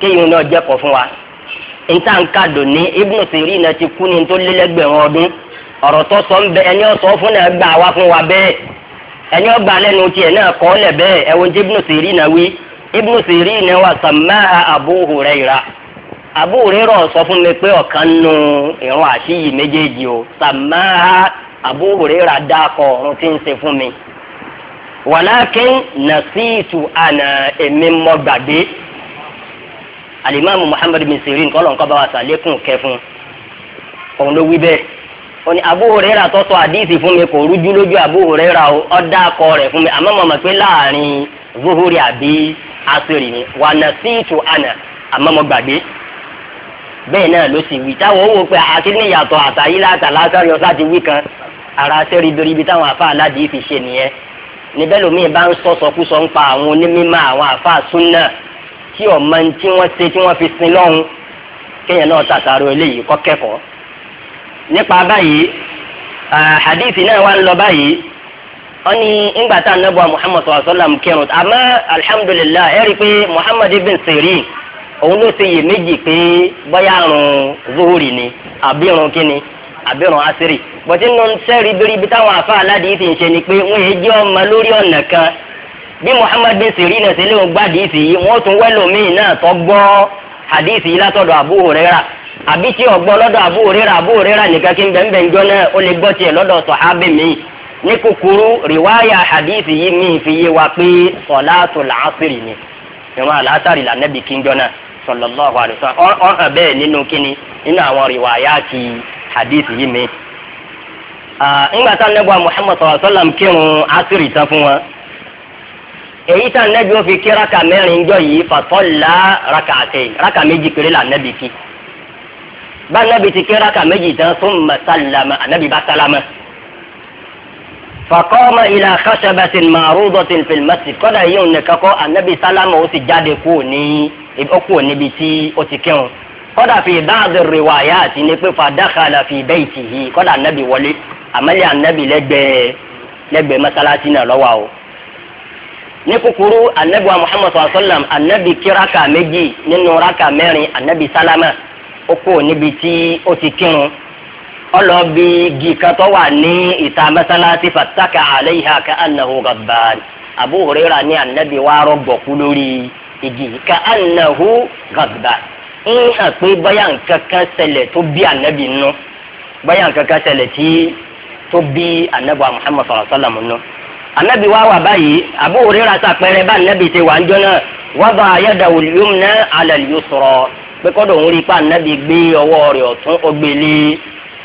kéyìn náà jẹ́kọ̀ọ́ fún wa. níta nǹka dùn ní ibùdó sèré iná ti kú ní tó lélẹ́gbẹ̀rún ọdún ọ̀rọ̀ tó sọ ń bẹ ẹni ọ̀sọ́ fún náà gbà wá fún wa bẹ́ẹ̀ ẹni ọgbà lẹ́nu tiẹ̀ náà kọ́ lẹ̀ bẹ́ẹ̀ ẹ̀wọ̀n tí ibùdó sèré iná wí wa fún mi pé nu ìrún méjèèjì o tí ń fún mi wàlákin àná èmi gbàgbé alimami muhammad bin sirin kọlọ̀ nǹkan bá wa sàlékún kẹfún òun ló wí bẹ́ẹ̀ ó ní Abu Huraira tó sọ àdíìsì fún mi kò rújú lójú Abu Huraira ó dá akọ rẹ̀ fún mi àmọ́ mọ̀ mọ̀ pé láàrin zuhuri àbí asiri ni wà nà síìtù àná àmọ́ mo gbàgbé bẹ́ẹ̀ náà ló sì wí táwọn owó pé akíní yàtọ̀ àtàyí láta lásán yọ sáti wí kan ara sẹ́rí dorí ibi táwọn afa aládìí fi ṣe nìyẹn níbẹ̀ lómi bá ń sọ sọkúsọ ń pa àwọn onímọ̀ àwọn afa súnà tí ọmọ tí wọ́n ṣe tí wọ́n fi sin lọ́hùn kéèyàn náà tàtàrọ eléyìí kọ́ kẹ́kọ̀ọ́ nípa báyìí hadithi náà wà ń lọ báyìí wọ́n ní ńgbà tá muhammad sallallahu alayhi wa sallam alhamdulillah ẹ rí i pé muhammad ibn sirin òun ló ṣe yè méjì pé bóyá àrùn zuhuri ni àbí irun kíni àbí irun asiri bọ́tí nínú sẹ́ẹ̀rì bírí ibi táwọn afá aládìí ti ń ṣe ni pé wọ́n yé jẹ́ ọmọ lórí ọ̀nà kan bí muhammad bin sirin ẹsẹ lé wọn gbá hadisi yìí wọn tún wẹlò míì náà tó gbọ́ hadisi yìí látọ̀dọ̀ abu huraira àbí tí ọgbọ lọ́dọ̀ abu huraira abu huraira nìkan kí n bẹ ń bẹ ń jọ náà ó lè gbọ́ tiẹ̀ lọ́dọ̀ sọhábì míì ní kúkúrú rìwáyà hadisi yìí míì fi yé wa pé sọláàtò làásìrì ni ìwọn àlásàrì lànàbì kí n jọ náà sallallahu alaihi wasallam ọ hàn bẹ́ẹ̀ nínú kíni nínú àwọn rìwáyà ti hadisi yìí míì. ńgbà tá a nẹ́gbà muhammad sallallahu alaihi èyí tá nẹ́bí ó fi kí raka mẹ́rin jọ yìí fàtọ́lá raka àtẹ raka méjì péré là nẹ́bí kí bá nẹ́bí ti kí raka méjì tán fún masalama ànẹ́bí bá sálámà fakọ́mọ ilà kásẹ̀bẹ̀sìn màrúdọ̀tìn fìlmẹ́sì kọ́dà yìí òun nìkan kọ́ ànẹ́bí sálámà ó sì jáde kú ní ọkù níbi tí ó ti kírun kọ́dà fi báàgì rìwáyà àti ní pé fàdákàlà fi bẹ́ẹ̀ tì yìí kọ́dà ànẹ́bí wọlé àmẹ́lẹ́ ànẹ́bí lẹ́gbẹ̀ẹ́ lẹ́gbẹ̀ẹ́ mọ́sálásí náà lọ́wọ́ àwọn ní kúkúrú anabi wa muhammad sallallahu alaihi wa sallam anabi kiraka méjì nínú raka mẹ́rin anabi salama ó kó níbi tí ó ti kírun ọlọ́ọ̀bì gìkatọ́ wà ní ìta mẹ́sálásí fataka alayha ka anahu gabban abu huraira ní anabi wa rọgbọ̀kú lórí igi ka anahu gabban ń hàn pé báyà nǹkan kan tó bí anabi nù báyà nǹkan kan tí tó bí anabi wa muhammad nù anabi wa wà báyìí Abu Hurairah sàpẹrẹ bá anabi ṣe wà ń jọ náà wàbà ayédàwò yóò ná alẹ́ yóò sọ̀rọ̀ pé kọ́dọ̀ òun rí i pa anabi gbé ọwọ́ rẹ̀ ọ̀tún ọgbẹ́lẹ́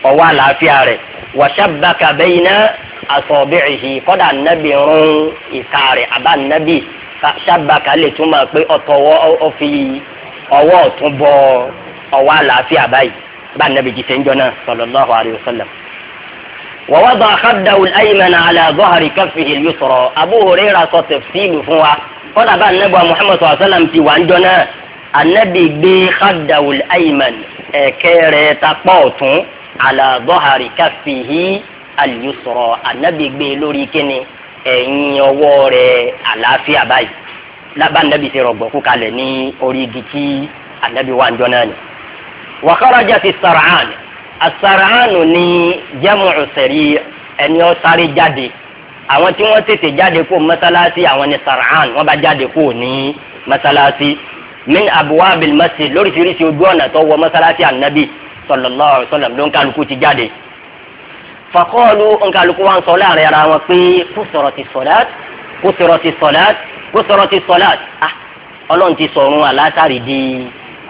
ọwọ́ àlàáfíà rẹ̀ wàṣàbàkà bẹ́yìn náà asọ̀bìrìhì kọ́dà anabi rún ìka rẹ̀ àbá anabi ṣàbàkà lè túmọ̀ pé ọ̀tọ̀wọ́ ọ̀fi ọwọ́ ọ̀tún bọ ọwọ́ àlàáfíà báyìí bá anabi jìṣẹ́ ń náà sallallahu ووضع خده الأيمن على ظهر كفه اليسرى أبو هريرة تفصيل فوا قال بقى النبي محمد صلى الله عليه وسلم في وعندنا النبي بخده الأيمن كيري تقوت على ظهر كفه اليسرى النبي بلوري كني ẹyin ọwọ́ rẹ̀ àlàáfíà báyìí lábá nàbì ti rọgbọ kú kalẹ̀ ní orí igi tí ànàbì wà ń jọ náà ni. wàhálà jẹ́ ti sàràn asaraanu ni jamu sari ẹni ó sáré jáde àwọn tí wọ́n tètè jáde kó masalasi àwọn ni saraan wọ́n bá jáde kó ní masalasi min abuwa bilimasi lóríṣiríṣi ojú ọ̀nà tó wọ masalasi anabi sallallahu alaihi wasallam ló ń kálukú ti jáde fakọọlu ń kálukú wa ń sọ láàrin ara wọn pé kusurati salat kusurati salat kusurati salat ah ọlọ́run ti sọ̀run alátàrí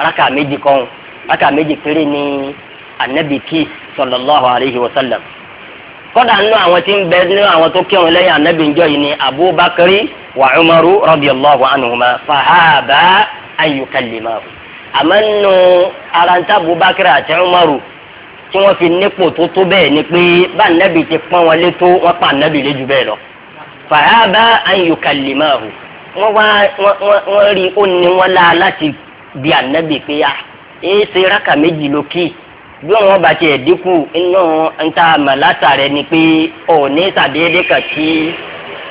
raka méjì kan raka méjì péré ni anabi kí sallallahu alayhi wa sallam kódà nínú àwọn tí ń bẹ nínú àwọn tó kírun lẹ́yìn anabi njọ́ yìí ni abubakari wa umaru radiyallahu anhuma fahaba ayukalimahu àmọ́ nínú aranta abubakari àti umaru tí wọ́n fi nípò tó tó bẹ́ẹ̀ ni pé bá anabi ti pọ́n wọn lé tó wọ́n pa anabi lé jù bẹ́ẹ̀ lọ fahaba ayukalimahu wọ́n wá wọ́n rí ó ní wọn la láti bi anabi pé a ah, èé ṣe rákà méjì lókì. bí ọ̀rọ̀ bá tiẹ̀ dínkù inú níta màláta rẹ ni pé ò ní sàdéédé kan tí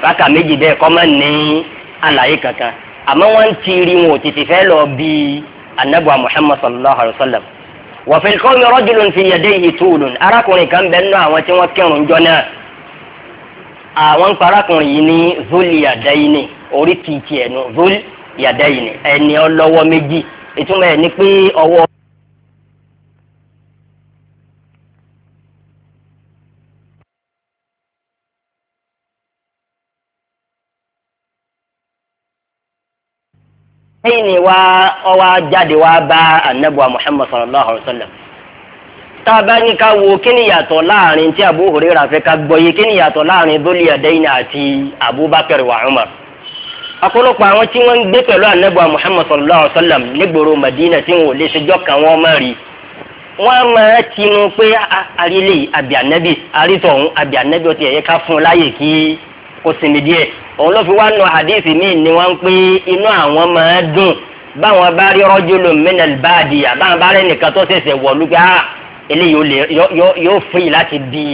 bákà méjì bẹ́ẹ̀ kọ́ máa ní àlàyé kankan àmọ́ wọ́n ń tiri wọn ò tètè fẹ́ lọ bí muhammad sallallahu alayhi wa sallam wàfẹ̀lì kọ́ mi rọ́jùlùn fi yẹ̀dẹ́ yìí túùlùn arákùnrin kan bẹ́ẹ̀ nínú àwọn tí wọ́n kírun jọ náà àwọn yìí ní zoli orí kìkì ẹ̀nu zoli ẹni ọlọ́wọ́ méjì ìtumọ̀ ẹ̀ pé ọwọ́. lẹ́yìn ni wá ọwá jáde wá bá anabuwa muhammad sallallahu alayhi wa sallam tá a bá ní ká wo kí ni yàtọ̀ láàrin tí abu hurairah fẹ́ ká gbọ́yé kí ni yàtọ̀ láàrin dhul yadaini àti abubakar wa umar ọ̀pọ̀lọpọ̀ àwọn tí wọ́n ń gbé pẹ̀lú anabuwa muhammad sallallahu alayhi wa sallam nígboro madina tí wọn ò lè ṣèjọ́ kan wọ́n má rí wọ́n máa tinú pé àrílẹ̀ àbí anabi àrítọ̀hún àbí ọtí ẹ̀yẹ ká fún un láyè kí kó sinmi díẹ̀ òun ló fi wá nu hadith míì ni wọ́n ń pín inú àwọn máa dùn báwọn bá rí rajulun minal baadiya báwọn bá rí nìkan tó ṣẹ̀ṣẹ̀ wọ̀lú pé ah eléyìí yóò fún yìí láti di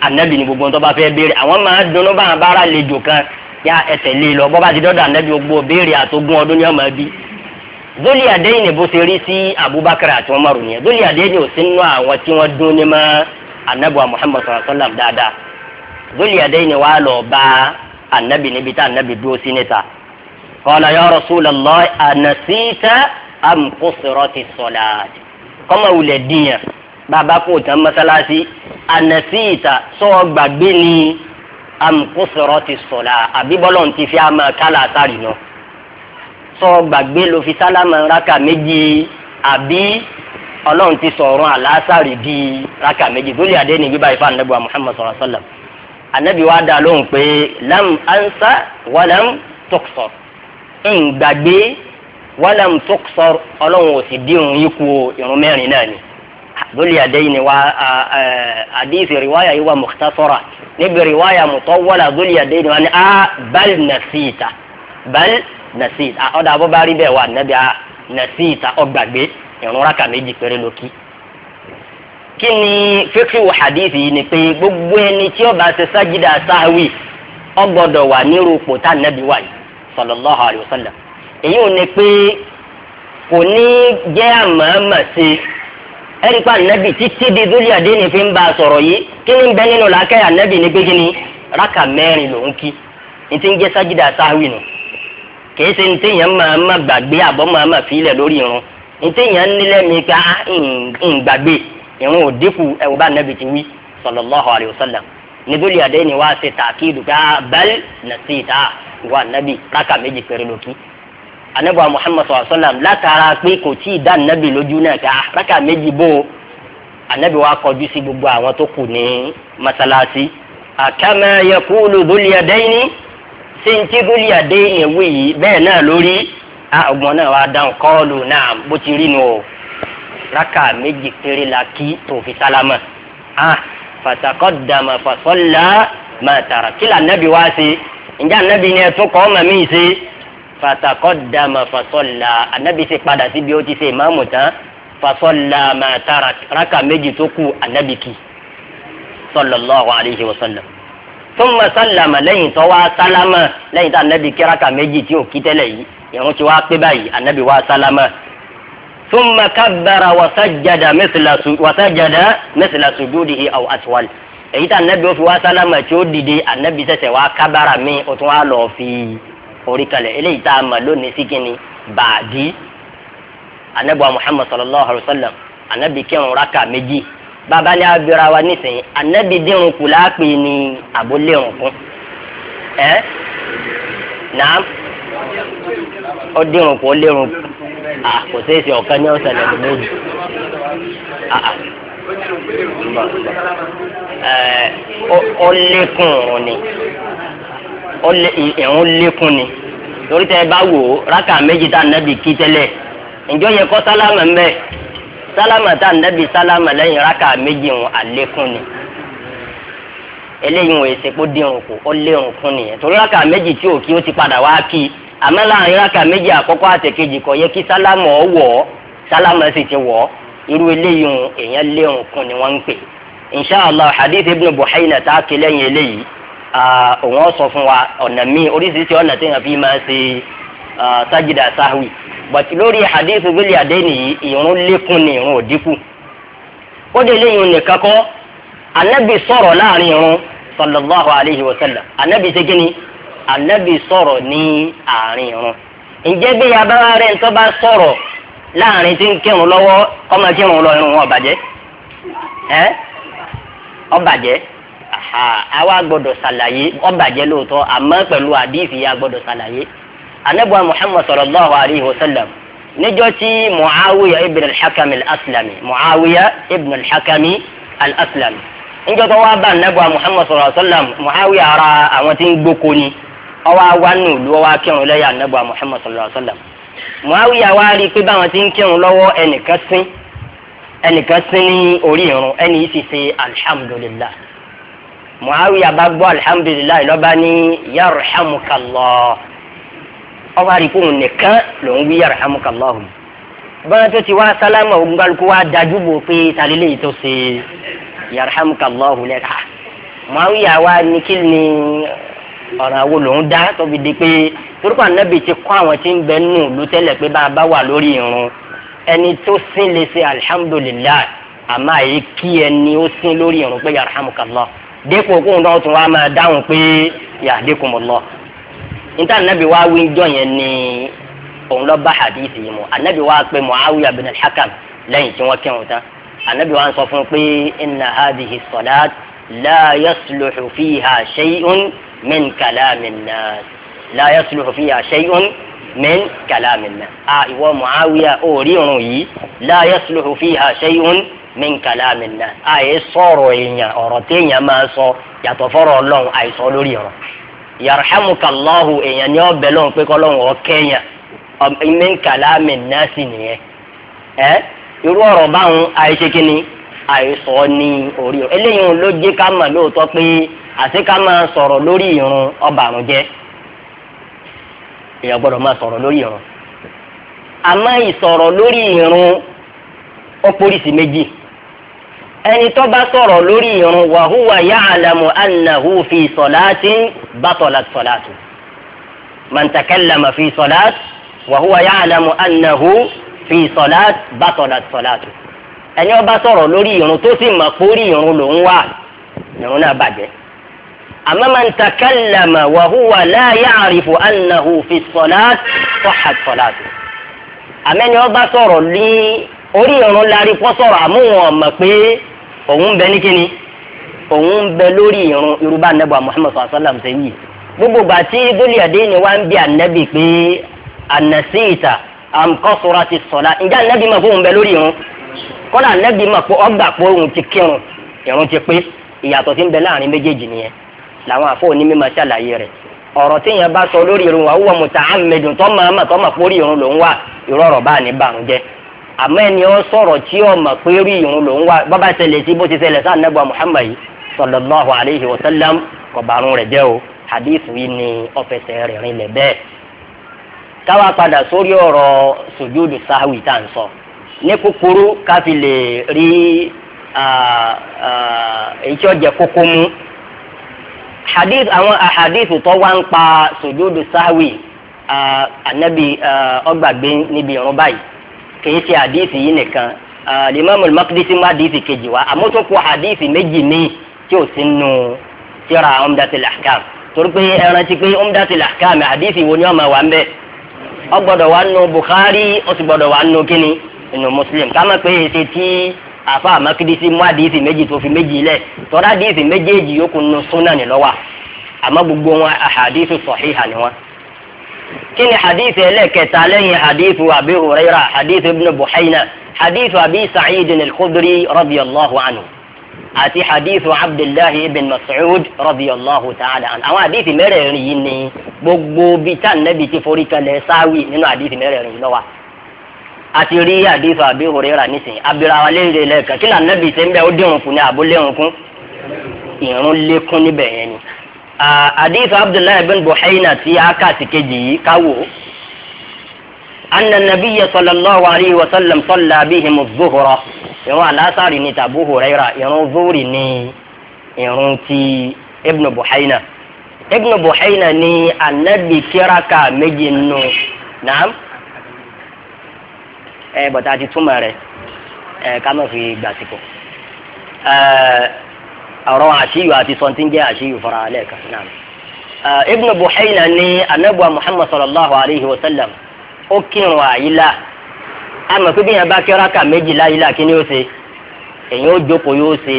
anabi ní gbogbo tó bá fẹ́ béèrè àwọn máa dunnú báwọn bá rà lejò kan yá ẹsẹ̀ lé lọ bọ́ bá ti dọ́dọ̀ anabi gbogbo béèrè àtogún ọdún ní ọmọ bí zoli adéyìn ni bó ṣe rí sí abubakar àti wọn márùn yẹn zoli adéyìn ò sí nínú àwọn tí wọn dún ní mọ́ anabi wa muhammad sallam dáadáa Dhul-Yadayni wá lọ bá anabi níbi tá anabi dúró sí níta qala ya Rasulullah anasita am qusirati salat kọ́mọ wulẹ̀ dìyàn bàbá kò tán mọ́sálásí anasita sọ gbàgbé ni am qusirati salat àbí bọ́lọ̀ ti fi àmà kálá àtàrí náà sọ gbàgbé ló fi sálámà rákà méjì àbí ọlọ́run ti sọ̀rọ̀ àlásàrì di rákà méjì Dhul-Yadayni gbígbà ìfà nàbùwà Muhammad sallallahu alaihi wasallam anabi wa dá lóhùn pé lam ansa walam tuksor ń gbàgbé walam tuksor ọlọ́run ò sì dín òun yíkú irun mẹ́rin náà ni lórí àdéhìn ni wa àdéhìsì rìwáyà yìí wà mukhtasara níbi rìwáyà mutawwala lórí àdéhìn ni wa ni a bal nasita bal nasita ọ̀dà abọ́bá bẹ́ẹ̀ wà anabi a nasita ọgbàgbé irun raka méjì péré lókì. kí ni fíkì wò hadithi yìí ni pé gbogbo ẹni tí ó ṣe sájídà sáwì ó wà nírú ipò nàbí wà sallallahu èyí ò ní pé kò ní jẹ́ àmàmà ṣe ẹ̀rí pa nàbì títí di dúlí àdé ni fi ń bá a sọ̀rọ̀ yìí kí ni bẹ nínú làákẹ́ ànàbì ni pé kí ìrun ò dínkù ẹ̀wù bá nàbì ti wí sallallahu alayhi wa sallam nítorí àdé ni wàá ṣe tàkìdù ká ah, bẹ́ẹ̀ nàṣí ìta ìwà nàbì rákà méjì péré lókì anabuwa muhammad sallallahu alayhi wa sallam látara pé kò tí ì dá nàbì lójú náà ah, ká rákà méjì bó anabi wa kọjú sí gbogbo àwọn tó kù ní masalasi àkàmẹ yakulu dúlì àdé ni sèǹtì dúlì àdé ni wíyì bẹ́ẹ̀ náà lórí ah, ọgbọ́n náà wàá dáhùn kọ́ọ̀lù náà bó ti rí nu o raka méjì péré la kí tó fi sálámà ah fatakọ dama fasọlá máa tara kí la nabi wá sí njẹ́ anabi ni ẹ̀tún kọ́ ọmọ mi sí fatakọ dama fasọlá anabi sì padà síbi ó ti ṣe ìmáàmù tán fasọlá máa tara raka méjì tó kù anabi kì sallallahu alayhi wa sallam tuma salama lẹ́yìn tó wá sálámà lẹ́yìn tó anabi kí raka méjì tí ò kí tẹ́lẹ̀ yìí ìrún ti wá pé báyìí anabi wá sálámà thumma kabbara wasajjada mithla wasajjada mithla sujudihi aw aswal èyí tá anabi òfin wa sálámà tí ó dìde anabi ṣẹ̀ṣẹ̀ wa kábàrà mi ó tún wa lọ fi orí kalẹ̀ eléyìí tá a mà lónìí sí kíni bàdí anabi wa muhammad sallallahu alayhi wa sallam anabi kírun raka méjì bàbá ni abira wa nísìnyí anabi dírun kù láàpè ní abúlérun kún ẹ naam ó dírun kù ó lérun kù. Ah, kò sí èsì ọ̀kan ní ọ̀sẹ̀ lẹ́nu méjì ah, ah. Eh, ó lékún òun ni ìrún lékún ni torí tẹ bá wò ó rákà méjì tá nàbì kí tẹ́lẹ̀ ǹjọ́ yẹ kọ́ sálámà ń bẹ̀ sálámà tá nàbì sálámà lẹ́yìn rákà méjì ni eléyìí wọn èsè nìyẹn torí rákà méjì tí ó ti padà wá kí àmọ́ láàrin rákà méjì àkọ́kọ́ àtẹ̀kejì kò yẹ kí sálámù ọ wọ̀ sálámù ẹ sì ti wọ̀ irú eléyìí hùn èèyàn léhùn kún ni wọ́n ń inshallah hadith ibn buhayna tá a kí lẹ́yìn eléyìí òun ọ sọ fún wa ọ̀nà míì oríṣiríṣi ọ̀nà tí fi máa ṣe but lórí hadith wílì adé nìyí ìrún lékún ni ìrún òdínkù ó dé nìkan kọ́ anabi sọ̀rọ̀ láàrin alayhi wa sallam anabi ṣe kí ànábì sọ̀rọ̀ ní àárín irun ǹjẹ́ bí abáwá rẹ̀ ń tó bá sọ̀rọ̀ láàrin tí ń kírun lọ́wọ́ ọmọ kírun lọ irun wọn ọ̀bàjẹ́ ẹ́ ọ̀bàjẹ́ àwa gbọ́dọ̀ ṣàlàyé ọ̀bàjẹ́ lóòótọ́ àmọ́ pẹ̀lú àdìsí ya gbọ́dọ̀ ṣàlàyé anabuwa muhammad sallallahu alayhi wa sallam níjọ́ tí muawiya ibn al-hakam al-aslami muawiya ibn al-hakami al-aslami níjọ́ tó wá bá anabuwa muhammad sallallahu alayhi wa sallam muawiya ara àwọn tí ń gbóko ni ọwọ́ awa nù ìlú ọwọ́ akẹ́hùn lẹ́yà anábọ̀ Muhammad sallallahu alayhi wa sallam Muawiya wá rí i pé báwọn ti ń kírun lọ́wọ́ ẹnìkan sín ẹnìkan sín ní orí irun ẹni yìí sì ṣe alhamdulillah Muawiya bá gbọ́ alhamdulillah lọ́ba ní yarhamukallah ọwọ́ àríkùn nìkan ló ń wí yarhamukallah ọ̀hún bọ́lá tó ti wá sálámà ogun kálukú wá dájú bò pé talílẹ̀ yìí tó ṣe yarhamukallah ọ̀hún lẹ́ka Muawiya wá ní kí ni ọ̀ràn wo lòún dá tóbi di pé torípa nẹ́bi ti kọ́ àwọn tí ń bẹ nù ló tẹ́lẹ̀ pé bá a bá wà lórí irun ẹni tó sín lè ṣe alihamudulilayi àmọ́ àyè kí ẹni ó sín lórí irun pé yarhamukallah dípò kóun náà tún wá máa dáhùn pé yahdikumullah níta nàbí wá wí jọ yẹn ni òun lọ bá hadithi yìí mu anabi wa pe muawiya bin alḥakam tí wọ́n kírun tán anabi wa sọ fún pé inna hadhihi salat لا يصلح فيها شيء من كلام الناس لا يصلح فيها شيء من كلام الناس آه إيوه معاوية أوريوني لا يصلح فيها شيء من كلام الناس آه، أي صورو إنيا أورتين ما صور يتفرع لهم آه صورو ليرو يرحمك الله إنيا نيوب لهم بيقولون وكينيا من كلام الناس نيه eh irú ọ̀rọ̀ أي àìṣe kínní àìsọ ní orí o eléyìí ló jẹ́ ká mà lóòótọ́ pé àti ká máa sọ̀rọ̀ lórí irun ọba àrùn jẹ́ èèyàn gbọ́dọ̀ máa sọ̀rọ̀ lórí irun àmọ́ ìsọ̀rọ̀ lórí irun ó pólísì méjì ẹni tó bá sọ̀rọ̀ lórí irun wàhúwà ya'lamu annahu fi salatin batalat salatu man fi salat wàhúwà ya'lamu annahu fi salat batalat salatu ẹni ọba sọ̀rọ̀ lórí irun tó sì mọ̀ pórí irun lòún wà irun náà bàjẹ́ àmọ́ man takallama wa huwa la ya'rifu annahu fi salat sahhat salatu àmẹ́ni ọba sọ̀rọ̀ ní orí irun larí kọ́ sọ̀rọ̀ àmúhùn ọ̀mọ̀ pé òun bẹ ní kíni òun bẹ lórí irun irúgbà nẹ́bà Muhammad sallallahu alaihi wa sallam sẹ́yìn gbogbo gbà tí dúlẹ̀ àdé ń bí ànẹ́bì pé ànàsíìta àmkọ́sọ̀rọ̀ ti sọ̀la ǹjẹ́ ànẹ́bì máa fóun bẹ lórí irun. kọ́lá nẹ́bí mọ̀ pé ọgbà pé òun ti kírun na ti pé ìyàtọ̀ ti ń bẹ láàrin méjèèjì nìyẹn làwọn àfọ onímọ̀ máa ṣàlàyé rẹ̀ ọ̀rọ̀ bá sọ lórí irun wa wúwo mùtà àmẹ́dùn tó máa mà tó mà pórí irun lòún wà ìrọ̀rọ̀ bá ní àmọ́ ẹni ọ sọ̀rọ̀ tí ọ pé rí irun lòún wà bábà ṣẹlẹ̀ sí bó ti Muhammad sallallahu alayhi wa sallam o hadith yìí ni ó fẹsẹ̀ rẹ̀ káwá padà sórí ní kúkúrú ká fi lè rí èyí tí ó jẹ kókó mú hadith àwọn ahadith tó wá ń pa sojúdu sáwì anabi ọgbàgbé níbi ìrún báyìí kìí ṣe hadith yìí nìkan limamul makdisi ń wá hadith kejì wá àmótókò hadith méjì ní tí ò sí nù tíra umdatil ahkam torí pé ẹran ti pé umdatil ahkam hadith wo ni ọmọ wa ń bẹ ọgbọ́dọ̀ wà nù bukhari ó sì gbọ́dọ̀ wà nù kínní inú muslim ká má pé èsì tí àfa àmàkìdísí mú àdìsí méjì tó fi méjì lẹ̀ tọ́lá àdìsí méjèèjì yòókù nù súnà ní lọ́wọ́ àmọ́ gbogbo wọn àhàdìsí sọ̀híhà ni wọn. kí ni hadith ẹlẹ́kẹta lẹ́yìn hadith abi hurayra hadith ibn buhayna hadith abi sa'id al-khudri radiyallahu anhu àti hadithu abdullahi ibn mas'ud radiyallahu ta'ala anhu àwọn hadithi mẹ́rẹ̀ẹ̀rin yìí ni gbogbo bíi tá nàbì ti forí kalẹ̀ sáwì nínú hadithi mẹ́rẹ̀ẹ̀rin yìí àti rí àdìsọ àbí òrèrà nísìnyí abirawa léèrè lẹ́ẹ̀kan kí lànàbì ṣe ń bẹ ó dẹ̀hùn fún ni àbó léhùn fún ìrún lékún níbẹ̀ yẹn ni. àdìsọ abdullahi bin buhayna ti akasi kejì yìí káwò anna nabiyya sallallahu alayhi wa sallam salla bihim zuhura ìrún alásàrì ni tàbí òrèrà ìrún zuhuri ni ìrún ti ibnu buhayna ibnu buhayna ni anabi kíraka méjì nù nàám ẹ bọ̀tà ti túmọ̀ rẹ̀ ẹ ká má fi gbàsìkò ọ̀rọ̀ àṣìyù àti sọ̀ntì ń jẹ́ àṣìyù fara alẹ́ kan náà. ibnu buhayna ní anabuwa muhammad sallallahu alayhi wa sallam ó kírun àyílá àmọ́ pé bí yẹn bá kíra ká méjìlá àyílá kí ni ó ṣe èyí ó jókòó yóò ṣe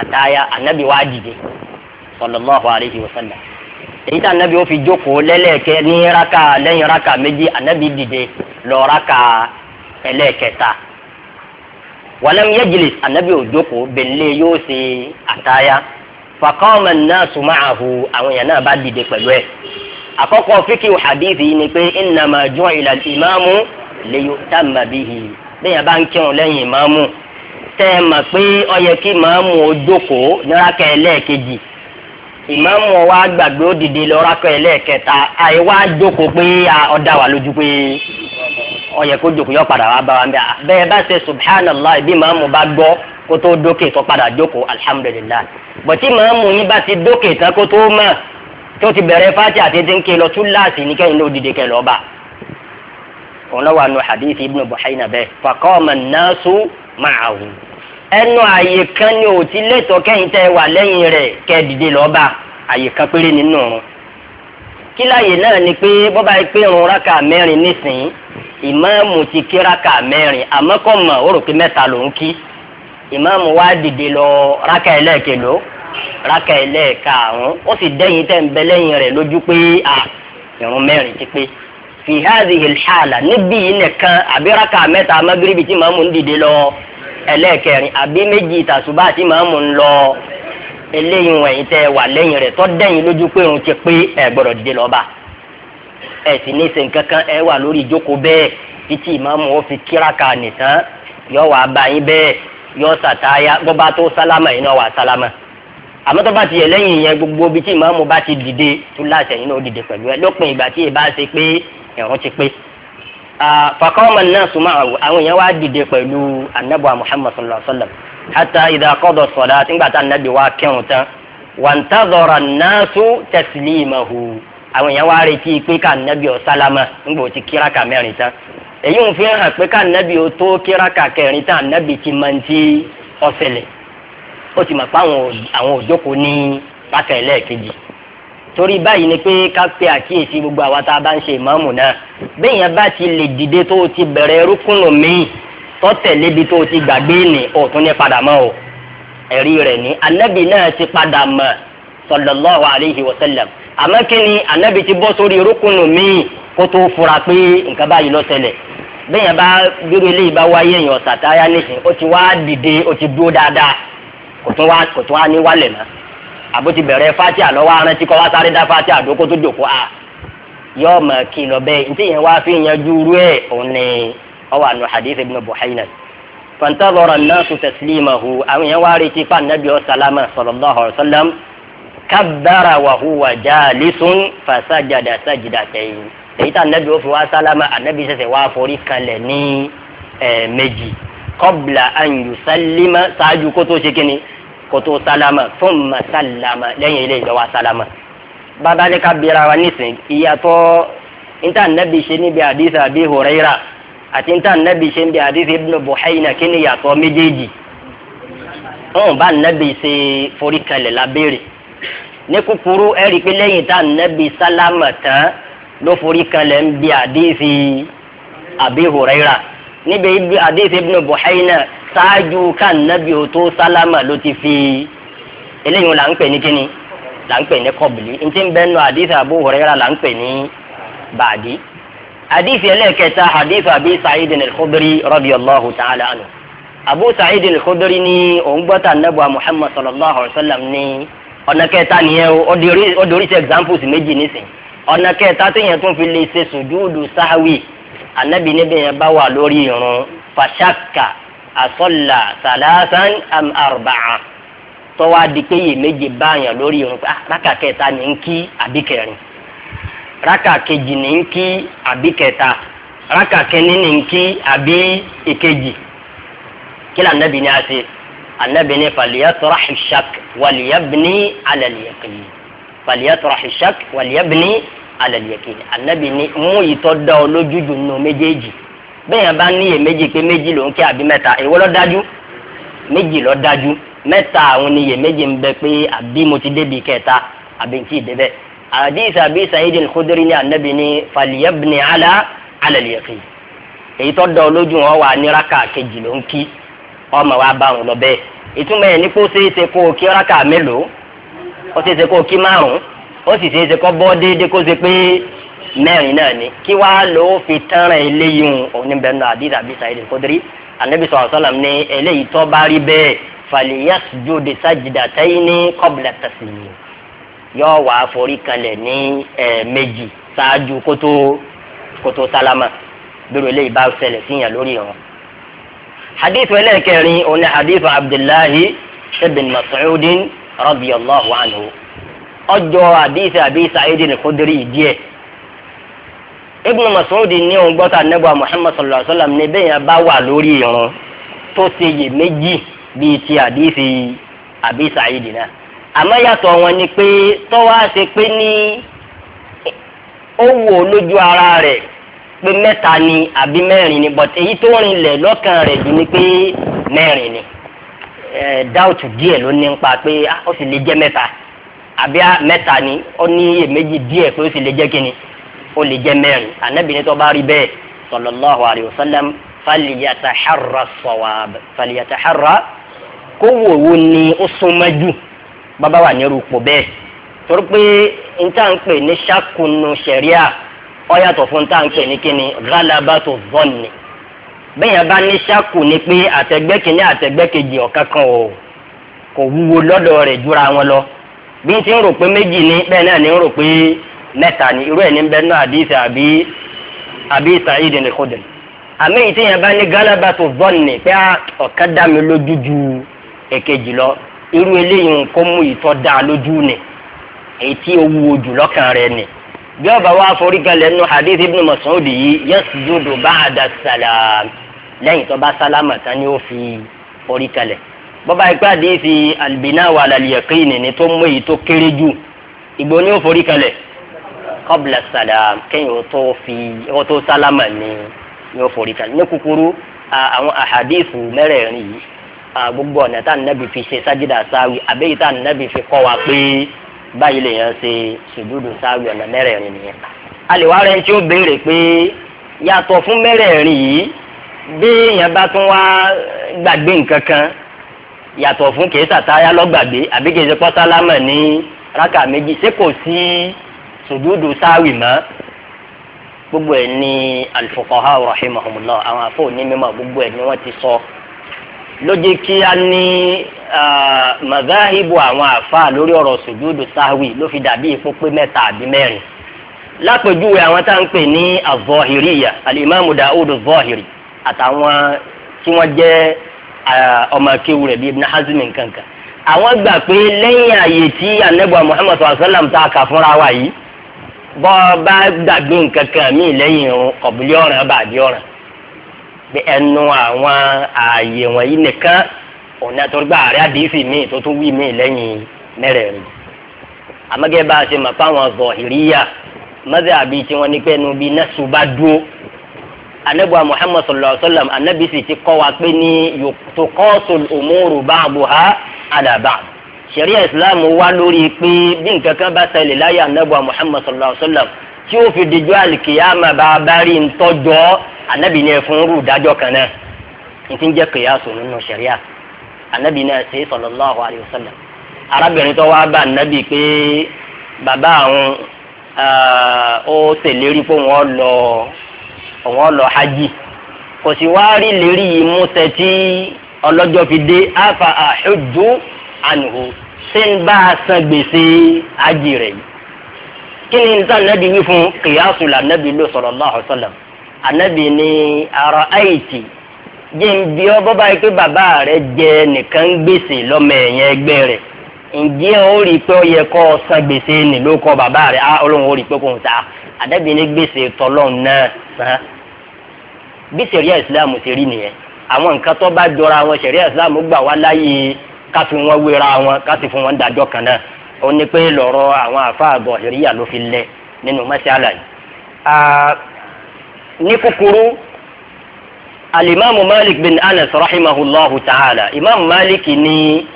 àtàyà anabi wa dìde sallallahu alayhi wa sallam èyí tí anabi ó fi jókòó lẹ́lẹ́kẹ́ ní raka lẹ́yìn raka méjì anabi dìde lọ raka ẹlẹ́ẹ̀kẹta wàlẹ́mu yẹ́jìlì ànábì òjòkó bẹ̀lẹ́ yóò ṣe àtayá fàkọ́ọ̀mù náà súnmọ́ àhù àwọn èèyàn náà bá dìde pẹ̀lú ẹ̀ àkọ́kọ́ fíkì hadithi ni pé ìnàmà jọ́ ìlà ìmáàmù lè yóò tá mà bíhi bẹ́ẹ̀ bá ń kírun lẹ́yìn ìmáàmù tẹ́ ẹ mà pé ó yẹ kí ìmáàmù òjòkó níraka ẹlẹ́ẹ̀kejì ìmáàmù wa gbàgbé dìde lọ́raka ẹlẹ́ẹ̀kẹta àìwá jókòó pé ọ̀dà ọyẹ kó jòkó yọ padà wá bá wa ń bẹ bẹ́ẹ̀ bá ṣe subhanallah bí màmú bá gbọ́ kó tó dókè tó padà jókòó alhamdulilah bọ̀tí màmú yín bá ti dókè tán kó tó mọ̀ tó ti bẹ̀rẹ̀ fati àti ti ń ké lọ ní kẹ́yìn ló dìde kẹ́ lọ́ọ́ bá òun hadith ibn buhayna bẹ́ẹ̀ faqama nasu ma'ahu ẹnu àyè kan ni ò ti lẹ́tọ̀ọ́ kẹ́yìn wà lẹ́yìn rẹ̀ kẹ́ dìde lọ́ọ́ bá kan péré nínú kíláyè náà ni pé bọ́ba yìí pé òun rákà mẹ́rin nísìnyí ìmáàmù ti kíraka mẹ́rin àmọ́ kò mọ̀ ó rò pé mẹ́ta ló ń kí ìmáàmù wá dìde lọ rákà ẹlẹ́ẹ̀kẹ́ló rákà ẹlẹ́ẹ̀karùn ó sì dẹ́yìn tẹ́ ń bẹ lẹ́yìn rẹ̀ lójú pé à ìrun mẹ́rin ti pé fi hadhihi al-hala níbí yìí nìkan àbí rákà mẹ́ta magribi tí ìmáàmù ń dìde lọ ẹlẹ́ẹ̀kẹrin àbí méjì tàṣùbà tí ìmáàmù ń lọ eléyìí wọ̀nyí tẹ́ wà lẹ́yìn rẹ̀ tọ́ dẹ́yìn lójú pé ìrun ti pé ẹ̀ gbọ́dọ̀ dìde lọ́ba ẹ sì ní sìn kankan ẹ wà lórí ìjókòó bẹ́ẹ̀ títí ìmáàmù ó fi kíráka nìtàn yọ wà bá yín bẹ́ẹ̀ yọ sàtáyà bọ́ba tó sálámà yín náà wà sálámà àmọ́ tó bá ti yẹ lẹ́yìn yẹn gbogbo bí tí ìmáàmù bá ti dìde tó láṣẹ yín náà ó dìde pẹ̀lú ẹ lópin ìgbà tí ìbá ṣe pé ẹ̀rọ ti pé fakọ́mọ náà súnmọ́ àwọn èèyàn wá dìde pẹ̀lú anábọ̀ muhammad sallallahu hata ìdàkọ́dọ̀ sọ̀dá tí ń gbà tá anábì wá kẹ́hùn tán wàǹtàzọ̀rọ̀ náà tó tẹ̀sílì ìmọ̀ hù. àwọn èèyàn wá retí pé ká nàbí ọ sálámà ńgbò tí kíraka mẹ́rin tán èyí ń fi hàn pé ká nàbí o tó kíraka kẹrin tán nàbí ti máa ń ti ọsẹlẹ̀ ó ti mọ̀ pé àwọn òjòkó ní pàtàkì ẹlẹ́ẹ̀kejì torí báyìí ni pé ká pe àkíyèsí gbogbo àwa tá a bá ń ṣe ìmáàmù náà bẹ́ẹ̀ yẹn bá ti lè dìde tó o ti bẹ̀rẹ̀ rúkúnù míì tọ́tẹ̀lé bi tó o ti gbàgbé ni o tún ní padà mọ́ o ẹ̀rí rẹ̀ ní anábì náà ti padà mọ́ sallallahu alayhi wa àmọ́ kí ni anabi ti bọ́ sórí rúkúnù míì kó tó fura pé nǹkan báyìí ló ṣẹlẹ̀ bẹ́ẹ̀ yẹn bá gbérú eléyìí bá wáyé èèyàn ó ti wá dìde ó ti dúró dáadáa kò tún wá kò tún ti bẹ̀rẹ̀ fati àlọ́ wa rántí kọ́ wá sáré dá fati àdó kó tó jòkó a yóò mọ̀ kí lọ bẹ́ẹ̀ ntí yẹn wá fi yanjú rú ẹ̀ òun ni ọwọ́ àná hadith ibn àwọn yẹn wá pa kabbara wa huwa jalisun fasajada sajidatayn èyí tá anabi ó fi wá sálámà anabi ṣẹ̀ṣẹ̀ wá forí kalẹ̀ ní ẹ̀ẹ̀mejì qabla an yusallima ṣáájú kó tó ṣe kíni kó tó sálámà thumma sálámà lẹ́yìn ilé ìlọwà sálámà bàbá ní wa nísìn ìyàtọ̀ níta anabi ṣe níbi àdìsí Abi Huraira àti níta anabi ṣe níbi àdìsí Ibn Buhayna kí ìyàtọ̀ méjèèjì wọn bá anabi ṣe forí kalẹ̀ lábẹ́rẹ́ ní kúkúrú ẹ rí i pé lẹ́yìn tá nẹ́bi sálámà tán ló forí kalẹ̀ ń bi àdéhìí Abi Huraira níbi ibi àdéhìí Ibn Buhayna ṣáájú ká nẹ́bi ò tó sálámà ló ti fi eléyìí là ń pè ní kíni là ń pè ní kọ́bìlì ntí ń bẹ́ẹ̀ nù àdéhìí Abu là ń pè ní bàdí àdéhìí ẹlẹ́kẹta àdéhìí Abi Sa'id al-Khudri radiyallahu ta'ala anhu Abu Sa'id al-Khudri òun gbọ́ta nẹ́bùa ọ̀nà kẹta nìyẹn o ó dorí sí examples méjì nísìnyí ọ̀nà kẹta tó yẹn tún fi lè ṣe sùjúdù sáháwì anabi níbi yẹn bá wà lórí irun fàṣàkà àsọ̀là sàlásán am arba'a tọ́wọ́ adìkéyè méje báyàn lórí irun pé ah, rákà kẹta ní ń kí àbí kẹrin rákà kejì ní ń kí àbí kẹta rákà kẹni ní ń kí àbí ìkejì kí lànà bí ni anabi ni falyatrah shak waliyabni ala al-yaqin falyatrah shak waliyabni ala al-yaqin anabi ni mú ìtọ́ da ọ lójújù nù méjèèjì bẹ́ẹ̀ bá níyè méjì pé méjì ló ń kí àbí mẹ́ta èwo ló dájú méjì ló dájú mẹ́ta àwọn níyè méjì ń bẹ pé àbí mo ti débi kẹta àbí ti débẹ̀ àdìsí àbí Sa'id al-Khudri ni anabi ni faliyabni ala ala al-yaqin èyí tó da ọ lójú wọn wà ní raka kejì ló ń kí ọmọ wa bá wọn lọ bẹ́ẹ̀ ìtumọ̀ ẹ̀ ní kó ṣeé ṣe kó o kí ọ́ráka mélòó ó ṣeé ṣe kó o kí márùn-ún ó sì ṣeé ṣe kó bọ́ déédéé kó ṣe pé mẹ́rin náà ni kí wàá lò ó fi tẹ́ràn eléyìí hùn oníbẹ̀nà àdìsá àbí Sa'id al-Khudri anabi sọ̀rọ̀ sọ́làm ní eléyìí tó bá rí bẹ́ẹ̀ falyasjud sajdataini qabla taslim yóò wá forí kalẹ̀ ní ẹ̀ẹ̀mejì ṣáájú kótó kótó sálámà bí eléyìí bá ṣẹlẹ̀ síyàn lórí ìrun hadith ẹlẹ́kẹrin òun ni hadith abdullahi ibn mas'udin radiyallahu anhu ọjọ́ hadith abi sa'idin al-khudri díẹ̀ ibn mas'udin ní òun gbọ́ta nebo muhammad sallallahu alayhi wa sallam ní bẹ́ẹ̀ yẹn bá wà lórí irun tó ṣe yè méjì bíi ti hadith abi sa'idin náà àmọ́ yàtọ̀ wọn ni pé tọ́wọ́ á ṣe pé ní ó wò lójú ara rẹ̀ pé mẹ́ta ni àbí mẹ́rin ni but èyí tó rinlẹ̀ lọ́kàn rẹ̀ jù ni pé mẹ́rin ni dáùtù díẹ̀ ló ní nípa pé ah, ó sì lè jẹ́ mẹ́ta àbí ah, mẹ́ta ni ó ní èméjì díẹ̀ pé ó sì lè jẹ́ kíni ó lè jẹ́ mẹ́rin ànábìnrin tó bá rí bẹ́ẹ̀ sallallahu alayhi wa sallam falyataharra sawab falyataharra kó wò wo ni ó súnmọ́ jù bàbá wà ní irú bẹ́ẹ̀ torí pé n tá à ní ṣàkóso sẹ̀ríà. ó yàtọ̀ fún tá à ń pè ní kíni zọ́ọ̀nì bẹ́ẹ̀ bá ní ṣáàkù ni pé àtẹ̀gbẹ́ kìíní àtẹ̀gbẹ́ kejì ọ̀kan kan o kò wúwo lọ́dọ̀ rẹ̀ jura wọn lọ bí n ti ń rò pé méjì ni bẹ́ẹ̀ náà ni ń rò pé mẹ́ta ni irú ẹ̀ ní bẹ́ẹ̀ náà àbí àbí àmì ìtì yẹn bá ní zọ́ọ̀nì pé ah, ọ̀kan dá mi lójú ju èkejì lọ irú eléyìí ni èyí tí ó wúwo jù ni. bí ọba wa forí kalẹ̀ nínú hadith ibn Mas'ud yìí yasjudu ba'da salam lẹ́yìn tó bá sálámà tán ni ó fi forí kalẹ̀ bọ́ba ìpè hadith albina wa alaliyaki nìní tó mú èyí tó kéré jù ìgbò ni ó forí kalẹ̀ qabla salam kẹ́yìn ó tó fi ó tó sálámà ni ni ó forí kalẹ̀ ní kúkúrú àwọn ahadith mẹ́rẹ̀ẹ̀rin yìí gbogbo ọ̀nà tá a nàbì fi ṣe sájídà sáwì àbẹ́yìí tá a nàbì fi kọ́ wa pé báyìí lè yàn ṣe ṣùdúdù sáwì ọ̀nà mẹ́rẹ̀ẹ̀rin nìyẹn. a lè wá rẹ̀ tí ó béèrè pé yàtọ̀ fún mẹ́rẹ̀ẹ̀rin yìí bí èèyàn bá tún wá gbàgbé nǹkan kan yàtọ̀ fún kìí sàtáyà lọ́gbàgbé àbí kìí ṣe pọ́sálámà ní rákà méjì ṣé kò sí ṣùdúdù sáwì mọ́ gbogbo ẹ̀ ní al-fuqaha rahimahumullah àwọn àfọ̀ onímọ̀ gbogbo ẹ̀ ni wọ́n ti sọ. So ló jẹ́ kí a ní mazahibu àwọn àfa lórí ọ̀rọ̀ sùjúdù sáwì ló fi dàbí ìfúnpé mẹ́ta àbí mẹ́rin lápèjúwe àwọn tá à ń pè ní avọ́hìríyà alimami daoud vọ́hìrì àtàwọn tí wọ́n jẹ ọmọ akéwù bíi ibn nkankan àwọn muhammad sallam kà fúnra wa yìí bọ́ bá nkankan míì lẹ́yìn irun ọ̀bùlé ọ̀ràn ọ̀ràn pé ẹnu àwọn ààyè wọ̀nyí nìkan ọ̀nà tó gbà àrẹ àdìsí míì tó tún wí míì lẹ́yìn mẹ́rẹ̀ẹ̀rin amagẹ́ bá a ṣe mọ̀ fáwọn zọ̀hìríyà mọ́tẹ́ àbí tí wọ́n ní pé ẹnu bíi nẹ́sù bá dúró anabuwa muhammad sallallahu alaihi wa sallam anabi sì ti kọ́ wa pé ní yòókùtòkọ́sùn òmùrù ba'duha ala ba'd sẹ̀ríà islam wá lórí pé bí nǹkan bá ṣẹlẹ̀ láyé anabuwa muhammad sallallahu alaihi wa sallam tí ó fi dijọ́ àlìkìyàmà bá a bá rí ntọ́jọ́ anabi ní ẹ̀fún rú dájọ́ kan náà ntí ń jẹ́ kìyàsó nínú sẹ̀ríà anabi náà ṣe sallallahu alayhi wa sallam arábìnrin tó wá bá anabi pé bàbá àwọn ó tẹ̀lérí pé wọ́n lọ wọ́n lọ hajj kò sì wá rí lérí yìí mú ọlọ́jọ́ fi dé afa àhójú ànùhó ṣé ń bá a san gbèsè hajj rẹ̀ yìí. Kini ni nabi anabi wí fún kìyàsù la anabi ló sallallahu alaihi wasallam anabi ni ara ayiti jẹ́ ń bí ọ bọ́bá yìí pé bàbá rẹ jẹ nìkan gbèsè lọ́mọ ẹ̀yẹn ẹgbẹ́ rẹ̀ ǹjẹ́ ó rí i pé ó san gbèsè nì ló kọ́ bàbá rẹ̀ á ọlọ́run ó rí i pé kò ta anabi ni gbèsè tọ́lọ́run náà san bí sẹ̀ríà ìsìlámù ti rí nìyẹn àwọn nǹkan tó bá jọra wọn sẹ̀ríà ìsìlámù gbà wá láyé ká wọn wéra wọn ká wọn dájọ́ kan náà ó ní pé lọ́rọ̀ àwọn àfáàgọ̀ ìríyà ló fi lẹ nínú mọ́ṣálà yìí. ní kúkúrú alimami malik bin anas rahimahullahu ta'ala imam malik ni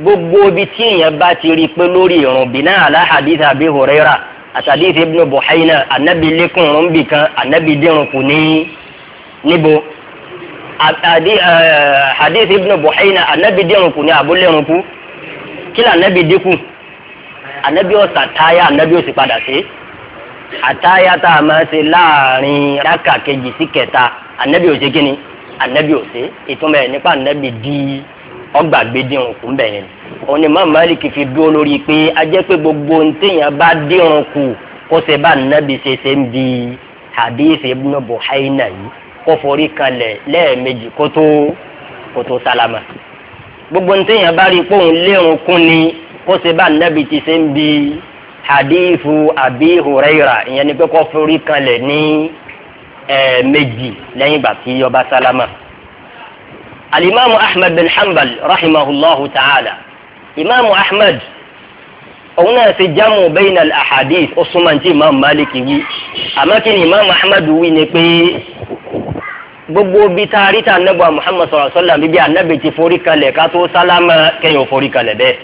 gbogbo ibi tí èèyàn bá ti rí i pé lórí ìrùn bínà ala hadith abi huraira àtàdíìsì ibnu buhaina anabi lẹkùn ìrùn bìkan anabi dẹrùn kù ní níbo hadith ibnu buhaina anabi dẹrùn kù ní abúlẹ̀rùn kù kí lànà bí dínkù anabi ọ̀sà táyà anabi ọ̀sì padà sí àtáyà tá a máa ṣe láàrin rákà kejì sí kẹta anabi ọ̀sì kínní anabi ọ̀sì ìtumọ̀ ẹ̀ nípa anabi di ọgbàgbé dírun kù mbẹ̀ yẹn òun ni mọ́mọ́ Málíkì fi dúró lórí pé a jẹ́ pé gbogbo ntẹ̀yìn bá dírun kù kó ṣe bá anabi ṣe ṣe ń bi hadith ibn Buhayna yìí kó forí kalẹ̀ lẹ́ẹ̀mejì kó tó kó tó sálámà gbogbo ntẹ̀yìn bá rí pé òun lérun kún ni kó ṣe bá nàbì ti ṣe ń bi hadithu Abi Huraira ìyẹn ni pé kó forí kanlẹ̀ ní ẹ̀ẹ̀mejì lẹ́yìn ìgbà tí ọba sálámà. alimami ahmed bin hanbal rahimahullahu ta'ala imaamu ahmed òun náà ṣe jamu bayna al-ahadith ó súnmọ́ ní ti imaamu malik wí àmọ́ kí ni imaamu ahmed wí ni pé gbogbo bi taari ta anabu muhammad sallallahu alaihi wa sallam bíbí anabi ti forí kalẹ̀ ká tó sálámà kẹ́yìn ò forí kalẹ̀ bẹ́ẹ̀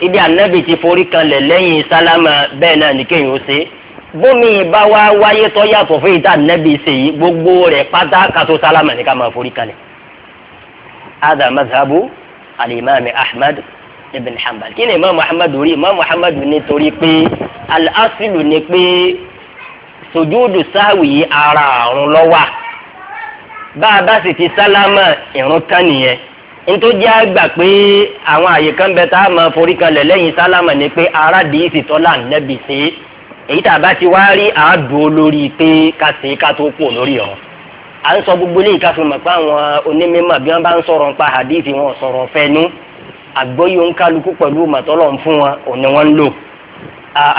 ibi ànábì ti forí kanlẹ̀ lẹ́yìn sálámà bẹ́ẹ̀ náà ní kéèyàn ó ṣe bómi ìbá wa wáyé tó yàtọ̀ fún ìta ànábì ṣe yìí gbogbo rẹ̀ pátá kátó sálámà ní ká máa forí kanlẹ̀. ada mazhabu alimami ahmad ibn hanbal kí ni imam muhammad rí imam muhammad nítorí pé al-asilu ni pé sojúdù sáwì ara àrùn lọ́wà bá a bá sì ti sálámà ìrún tán nìyẹn nítorí jẹ́ àgbà pé àwọn àyè kan bẹ tá a máa forí kalẹ̀ lẹ́yìn sálámà ni pé aráàdì ìfìtọ́lá nẹ́bi sí èyí tá a bá ti wá rí àádùn olórí pé ká sí ká tó kú lórí ọ̀ à ń sọ gbogbo eléyìí ká fi mọ̀ pé àwọn onímọ̀ bí wọ́n bá ń sọ̀rọ̀ nípa hadithi wọn sọ̀rọ̀ fẹnu àgbọ́yé ń kálukú pẹ̀lú màtọ́lọ̀ ń fún wọn òní wọn ń lò.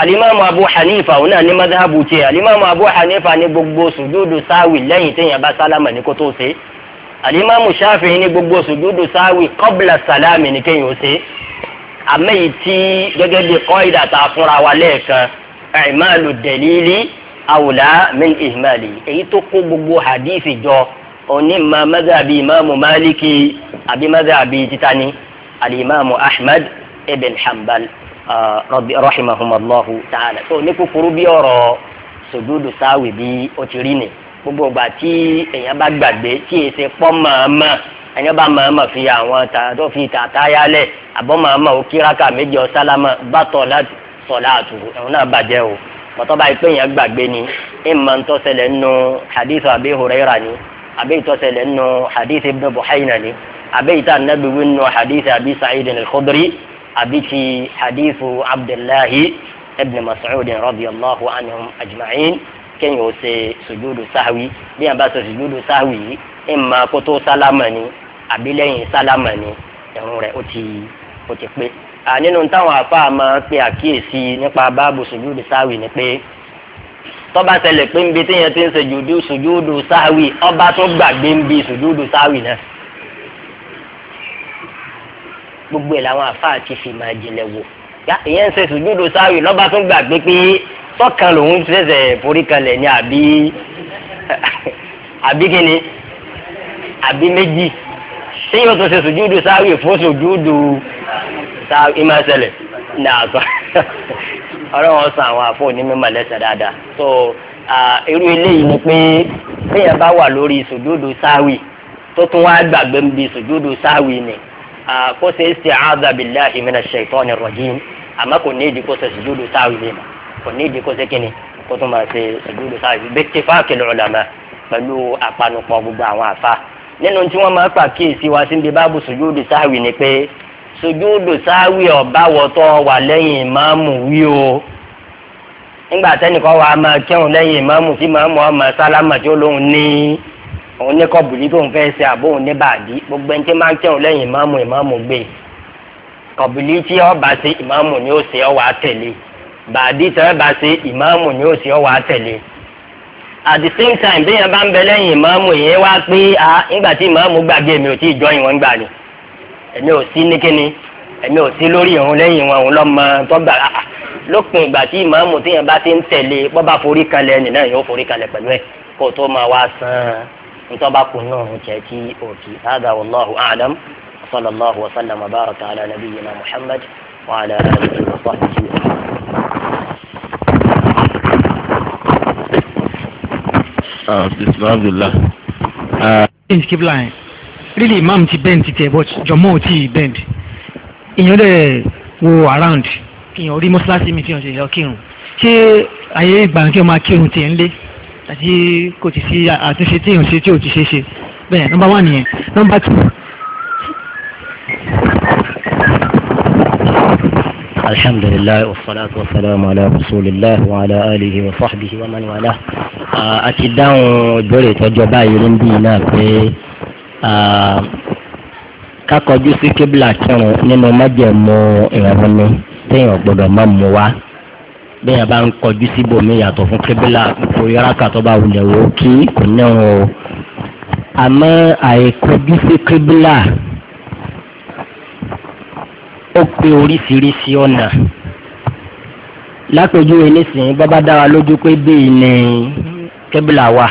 alimami abu hanifa òun náà ní madhabu tiẹ̀ alimami abu hanifa ní gbogbo sùjúdù sáwì lẹ́yìn téèyàn bá sálámà ní kó ṣe alimami Shafi'i ní gbogbo sùjúdù sáwì kọ́bìlà sàlámì ní kéèyàn ó ṣe àmẹ́yì tí gẹ́gẹ́ bí kọ́ìdà tá a fúnra wa lẹ́ẹ̀kan i'malu dalili awla min ihmali èyí tó kó gbogbo hadithi jọ òní ma madhabi imaamu maliki àbí madhabi titani alimami ahmed ibn hanbal uh, rabbi rahimahumallahu ta'ala tó ní kúkúrú bí ọ̀rọ̀ sùjúdù sáwì bí ó ti rí nìyí gbogbo ìgbà tí èèyàn bá gbàgbé tí èsè pọ́ mọ̀ọ́mọ̀ ẹni ọba mọ̀ọ́mọ̀ fi àwọn tó fi tàtà yálẹ̀ àbọ̀ mọ̀ọ́mọ̀ ó kíraka méjì ọ̀sálámà bàtọ̀ sọ̀lá àtù ẹ̀hún náà bàjẹ́ o pọ̀tọ́ báyìí pé èèyàn gbàgbé ni ìmọ̀ ntọ́sẹ̀lẹ̀ nù hadith Abi Hurairah ni àbí ìtọ́sẹ̀lẹ̀ nù hadith Ibn Buhayna ni àbí ìta nàbíwí nù hadith Abi Sa'id al-Khudri àbí ti hadith Abdullahi ibn Mas'ud radiyallahu anhum ajma'in kéèyàn ó ṣe sùjúdù sáwí bí yàn bá ṣe sùjúdù sáwí ẹ̀ máa kó tó sálámà ni àbí lẹ́yìn sálámà ni ẹ̀rùn rẹ̀ ó ti ó ti pé. nínú táwọn àfáà máa pe àkíyèsí nípa báàbù sùjúdù sáwí ni pé tọ́ba ṣẹlẹ̀ pé nbí téèyàn ti ń ṣe sùjúdù sáwí ọba tó gbàgbé nbí sùjúdù sáwí náà gbogbo ẹ̀ làwọn àfáà ti fi máa jinlẹ̀ wò ìyẹn ń ṣe sùjúdù sáwì lọ́ba tó gbàgbé pé tọ́kàn lòun ṣẹ̀ṣẹ̀ forí kalẹ̀ ní àbí àbí kíni àbí méjì ṣé yóò tún ṣe sùjúdù sáwì fún sùjúdù sáwì ìmọ̀ọ́sẹ̀lẹ̀ náà sọ ọlọ́wọ́n sọ àwọn àfọ onímọ̀ lẹ́sẹ̀ dáadáa so irú eléyìí ni pé bẹ́ẹ̀ bá wà lórí sùjúdù tó tún wá gbàgbé ni kó ṣe àmọ́ kò ní ṣe kò ní ìdí kó ṣe kíni kó tún máa ṣe ìdúró sáà bẹ́tẹ̀ fáàkì lọ́dàmà pẹ̀lú àpanupọ̀ gbogbo àwọn àfa nínú tí wọ́n máa pàkíyèsí wa sí ibi báàbù sùjúdù sáàwì ni pé sùjúdù sáàwì ọ̀báwọ̀tọ́ wà lẹ́yìn ìmáàmù wí o nígbà tẹ́nìkan wà á máa kẹ́hùn lẹ́yìn ìmáàmù tí màmú ọmọ sálámà tí ó lóun ní òun ní kọ́bùlì tóun fẹ́ ṣe àbóun ní bàdí gbogbo ẹni tí máa kẹ́hùn lẹ́yìn ìmáàmù ìmáàmù gbé kọ́bùlì tí ọba ṣe ìmáàmù ni ó ṣe ọ tẹ̀lé bàdí tẹ́lẹ̀ bá ṣe ìmáàmù ni ó sì ọ́ wàá tẹ̀lé at the same time bí yẹn bá ń bẹ lẹ́yìn ìmáàmù yẹn wá pé a ńgbà tí ìmáàmù gbàgbé mi ò tí ì jọyìn wọn gbà ni èmi ò sí ní kíni èmi ò sí lórí ìrun lẹ́yìn wọn òun lọ́mọ tó gbà á lópin ìgbà tí ìmáàmù tí yẹn bá ti ń tẹ̀lé bọ́ bá forí kalẹ̀ ẹni náà yóò forí kalẹ̀ pẹ̀lú ẹ̀ kó tó máa wá san ntọ́ba kù náà jẹ́ kí òkè ádà wàlláhu àdàm sallallahu wa sallam wa baraka ala nabiyyina muhammad wa ala alihi wa sahbihi. bisimilah. Uh, uh, james keep lying. really imam ti bend ti tẹ but jọmọ ò tí bend èèyàn dẹ̀ wo around èèyàn rí mọ́ṣáláṣí mi tí wọ́n ṣe lọ kírun ṣé ayé ìgbà kí wọ́n máa kírun tiẹ̀ ń lé àti kò ti sí àtúnṣe tí èèyàn ṣe tí ò ti ṣe ṣe bẹ́ẹ̀ nọ́mbà one nìyẹn nọ́mbà two. الحمد لله والصلاة والسلام على رسول الله وعلى آله وصحبه ومن والاه àti dáhùn ìbéèrè tọ́jọ́ báyìí ló ń bí iná pé kákọjú sí kébìlà kírun nínú májẹ̀mú ìrànwọ́ ni téèyàn gbọ́dọ̀ má mú wa béèyàn bá ń kọjú síbòmí yàtọ̀ fún kébìlà nítorí rákà tó bá wulẹ̀ wò kí kò ní òun o àmọ́ àìkọjú sí kébìlà ó pe oríṣiríṣi ọ̀nà lápèjúwe nísìnyí bàbá dá wa lójú pé bíi ní kébìlà wa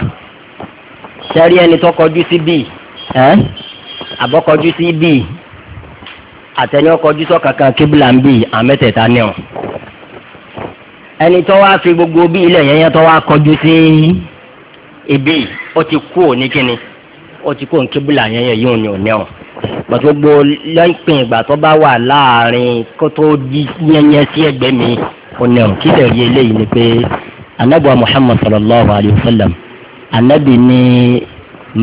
sẹ́rí ẹni tó kọjú sí bíi ẹ́ àbọ̀kọjú sí bíi àtẹni ọkọjú sọ̀kankan kébìlà ń bíi àmẹ́tẹ̀ẹ̀ta ní ọ̀ ẹni tó wá fi gbogbo bíi ilẹ̀ yẹn yẹn tó wá kọjú sí ibi ó ti kú òní kíni ó ti kú òní kébìlà yẹn yẹn yóò ní òní ọ̀ gbàtúgbò lẹ́yìn ìgbà tó bá wà láàrin kó tó di yẹnyẹ sí ẹgbẹ́ mi ọ̀nà kí lè rí eléyìí ni pé anabuwa muhammad sallallahu alayhi wa sallam anabi ni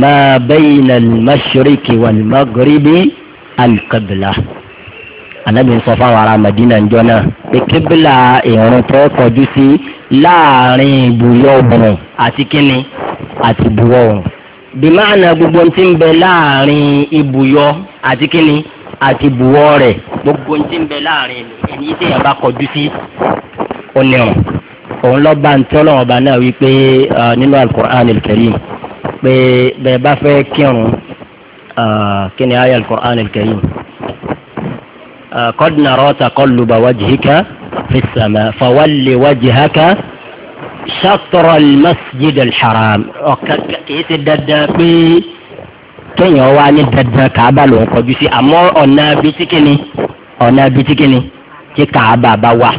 ma bayna al-mashriqi wal maghribi al-qibla anabi ń sọ fáwọn ará madina njọ náà pé kébìlà ìrún tó kọjú sí láàrin ibùyọ̀ ọ̀bùrùn àti kínní àti ibùwọ̀ ọ̀rùn bimaana gbogbo ntí ń bẹ láàrin ibùyọ àti kíni àti ibùwọ̀ rẹ̀ gbogbo ntí ń bẹ láàrin ẹni tí yàrá kọjú sí onírun òun lọ bá ntí Ọlọ́run ọba náà wípé nínú alukur'an alkarim pé bẹ́ẹ̀ bá fẹ́ kírun kíni ayé alukur'an alkarim qad nara taqalluba wajhika fis sama fawalli wajhaka ṣàtọ̀rọ̀ المسجد الحرام ọ̀kan kìí ṣe dandan pé kéèyàn wá ní dandan kàába ló ń kọjú sí àmọ́ ọ̀nà bitikini ọ̀nà bitikini tí kàába bá wà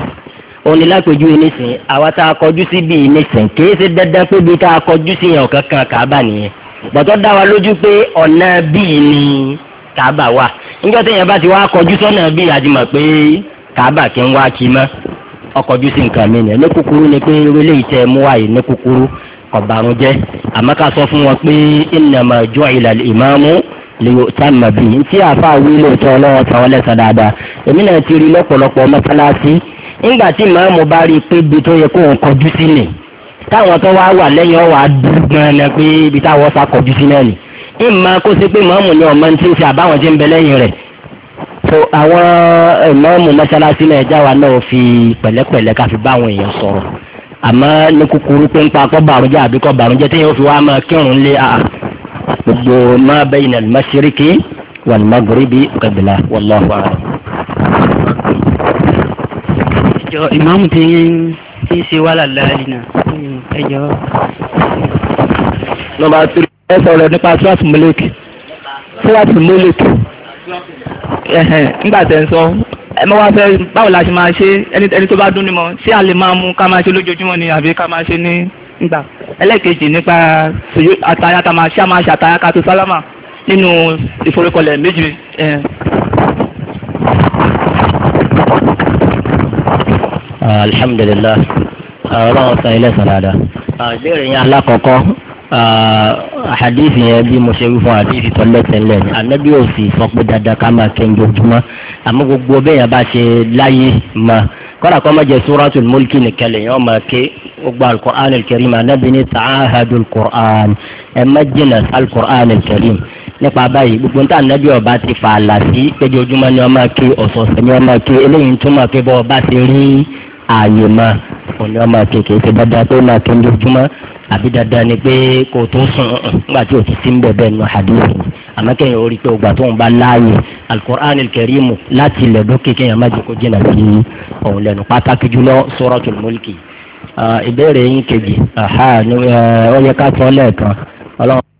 òní lápèjúwe nísìnyí àwa tá a kọjú sí bíi nísìnyí kìí ṣe dandan pé bíi tá a kọjú sí yẹn ọ̀kan kan wa lójú pé ọ̀nà bíi ni kàába wà níjọ́ téèyàn bá ti wá kọjú sọ́nà bíi àti mọ̀ pé kàába kì ń wá kì í mọ́ ọkọ̀jú sí nǹkan mi nìyẹn ní kúkúrú ni pé irú ilé ìtẹ́ mú wáyé ní kúkúrú ọ̀bàrún jẹ́ àmọ́ ká sọ fún wọn pé innama ju'ila al-imamu liyu'tamma bihi tí àáfàá wí lóòótọ́ ọlọ́wọ́ tàn wọ́n lẹ́sàn dáadáa èmi náà ti rí lọ́pọ̀lọpọ̀ mọ́sálásí nígbà tí màámu bá rí i pé ibi tó yẹ kó ń kọjú sí nì táwọn tó wá wà lẹ́yìn ọ̀wà dúró pé ibi táwọn sá kọjú sí náà nì ìmọ̀ kó ṣe pé màámu ni ọ̀mọ́ so àwọn ìmọ̀ọ́mù eh, mọ́sálásí náà ẹja wa náà fi pẹ̀lẹ́pẹ̀lẹ́ ká fi bá àwọn èèyàn sọ̀rọ̀ àmọ́ ní kúkúrú pé ń pa akọ́ bàrúnjẹ́ àbí kọ́ bàrúnjẹ́ téèyàn fi wá máa kírun lé a gbogbo máa bẹ́yìn náà mọ́síríkì wal maghribi kẹbìlà wallahu a'lam. ìjọ ìmọ̀ọ́mù ti ń ṣe wàhálà láàrin náà ẹjọ́. nọ́mbà three ẹ sọ̀rọ̀ nípa sọ́ọ̀tì mọ́lẹ́kì sọ́ọ̀tì mọ́lẹ́kì nígbà tẹ̀ ń sọ ẹ mọ́ wá fẹ́ báwo la ṣe máa ṣe ẹni tó bá dún ní mọ́ ṣé a lè máa mú ká máa ṣe lójoojúmọ́ ni àbí ká máa ṣe ní gbà ẹlẹ́ẹ̀kejì nípa àtàyà tá máa ṣe àmà ṣe àtàyà ká tó sálámà nínú ìforúkọlẹ̀ méjì. alhamdulilah ọlọ́run san ilé sàn dáadáa ìbéèrè yẹn alákọ̀ọ́kọ́ àhàdíìsì ah, yẹn bí mo ṣe wí fún àdíìsì tó lẹ́sẹ̀lẹ̀ ni ànábì ò sì sọ pé dandan ká máa kẹ́ ojoojúmọ́ àmọ́ gbogbo bẹ́ẹ̀ yẹn bá ṣe láyé mọ́ kọ́dà kọ́ mọ́jẹ suratul mulki nìkan lè yàn máa ké gbogbo alukur'an alkarim ànábì ní ta'ahadul kur'an ẹ má jìnnà alukur'an alkarim nípa báyìí gbogbo níta ànábì ọba ti fà á làásì péjọjúmọ́ ni wọ́n máa ké ni wọ́n máa ké eléyìí tó àbí dandan ni pé kò tó sùn nígbà tí o ti sí ń bẹ̀ bẹ́ẹ̀ nù hadith àmọ́ kẹ́yìn orí pé ògbà tó ń bá láàyè alukur'an kẹrìmù láti ilẹ̀ dókè kẹ́yìn má jẹ́ kó jìnnà sí òun lẹ́nu pàtàkì jùlọ suratul mulki ìbéèrè yín kejì ó yẹ sọ lẹ́ẹ̀kan ọlọ́run.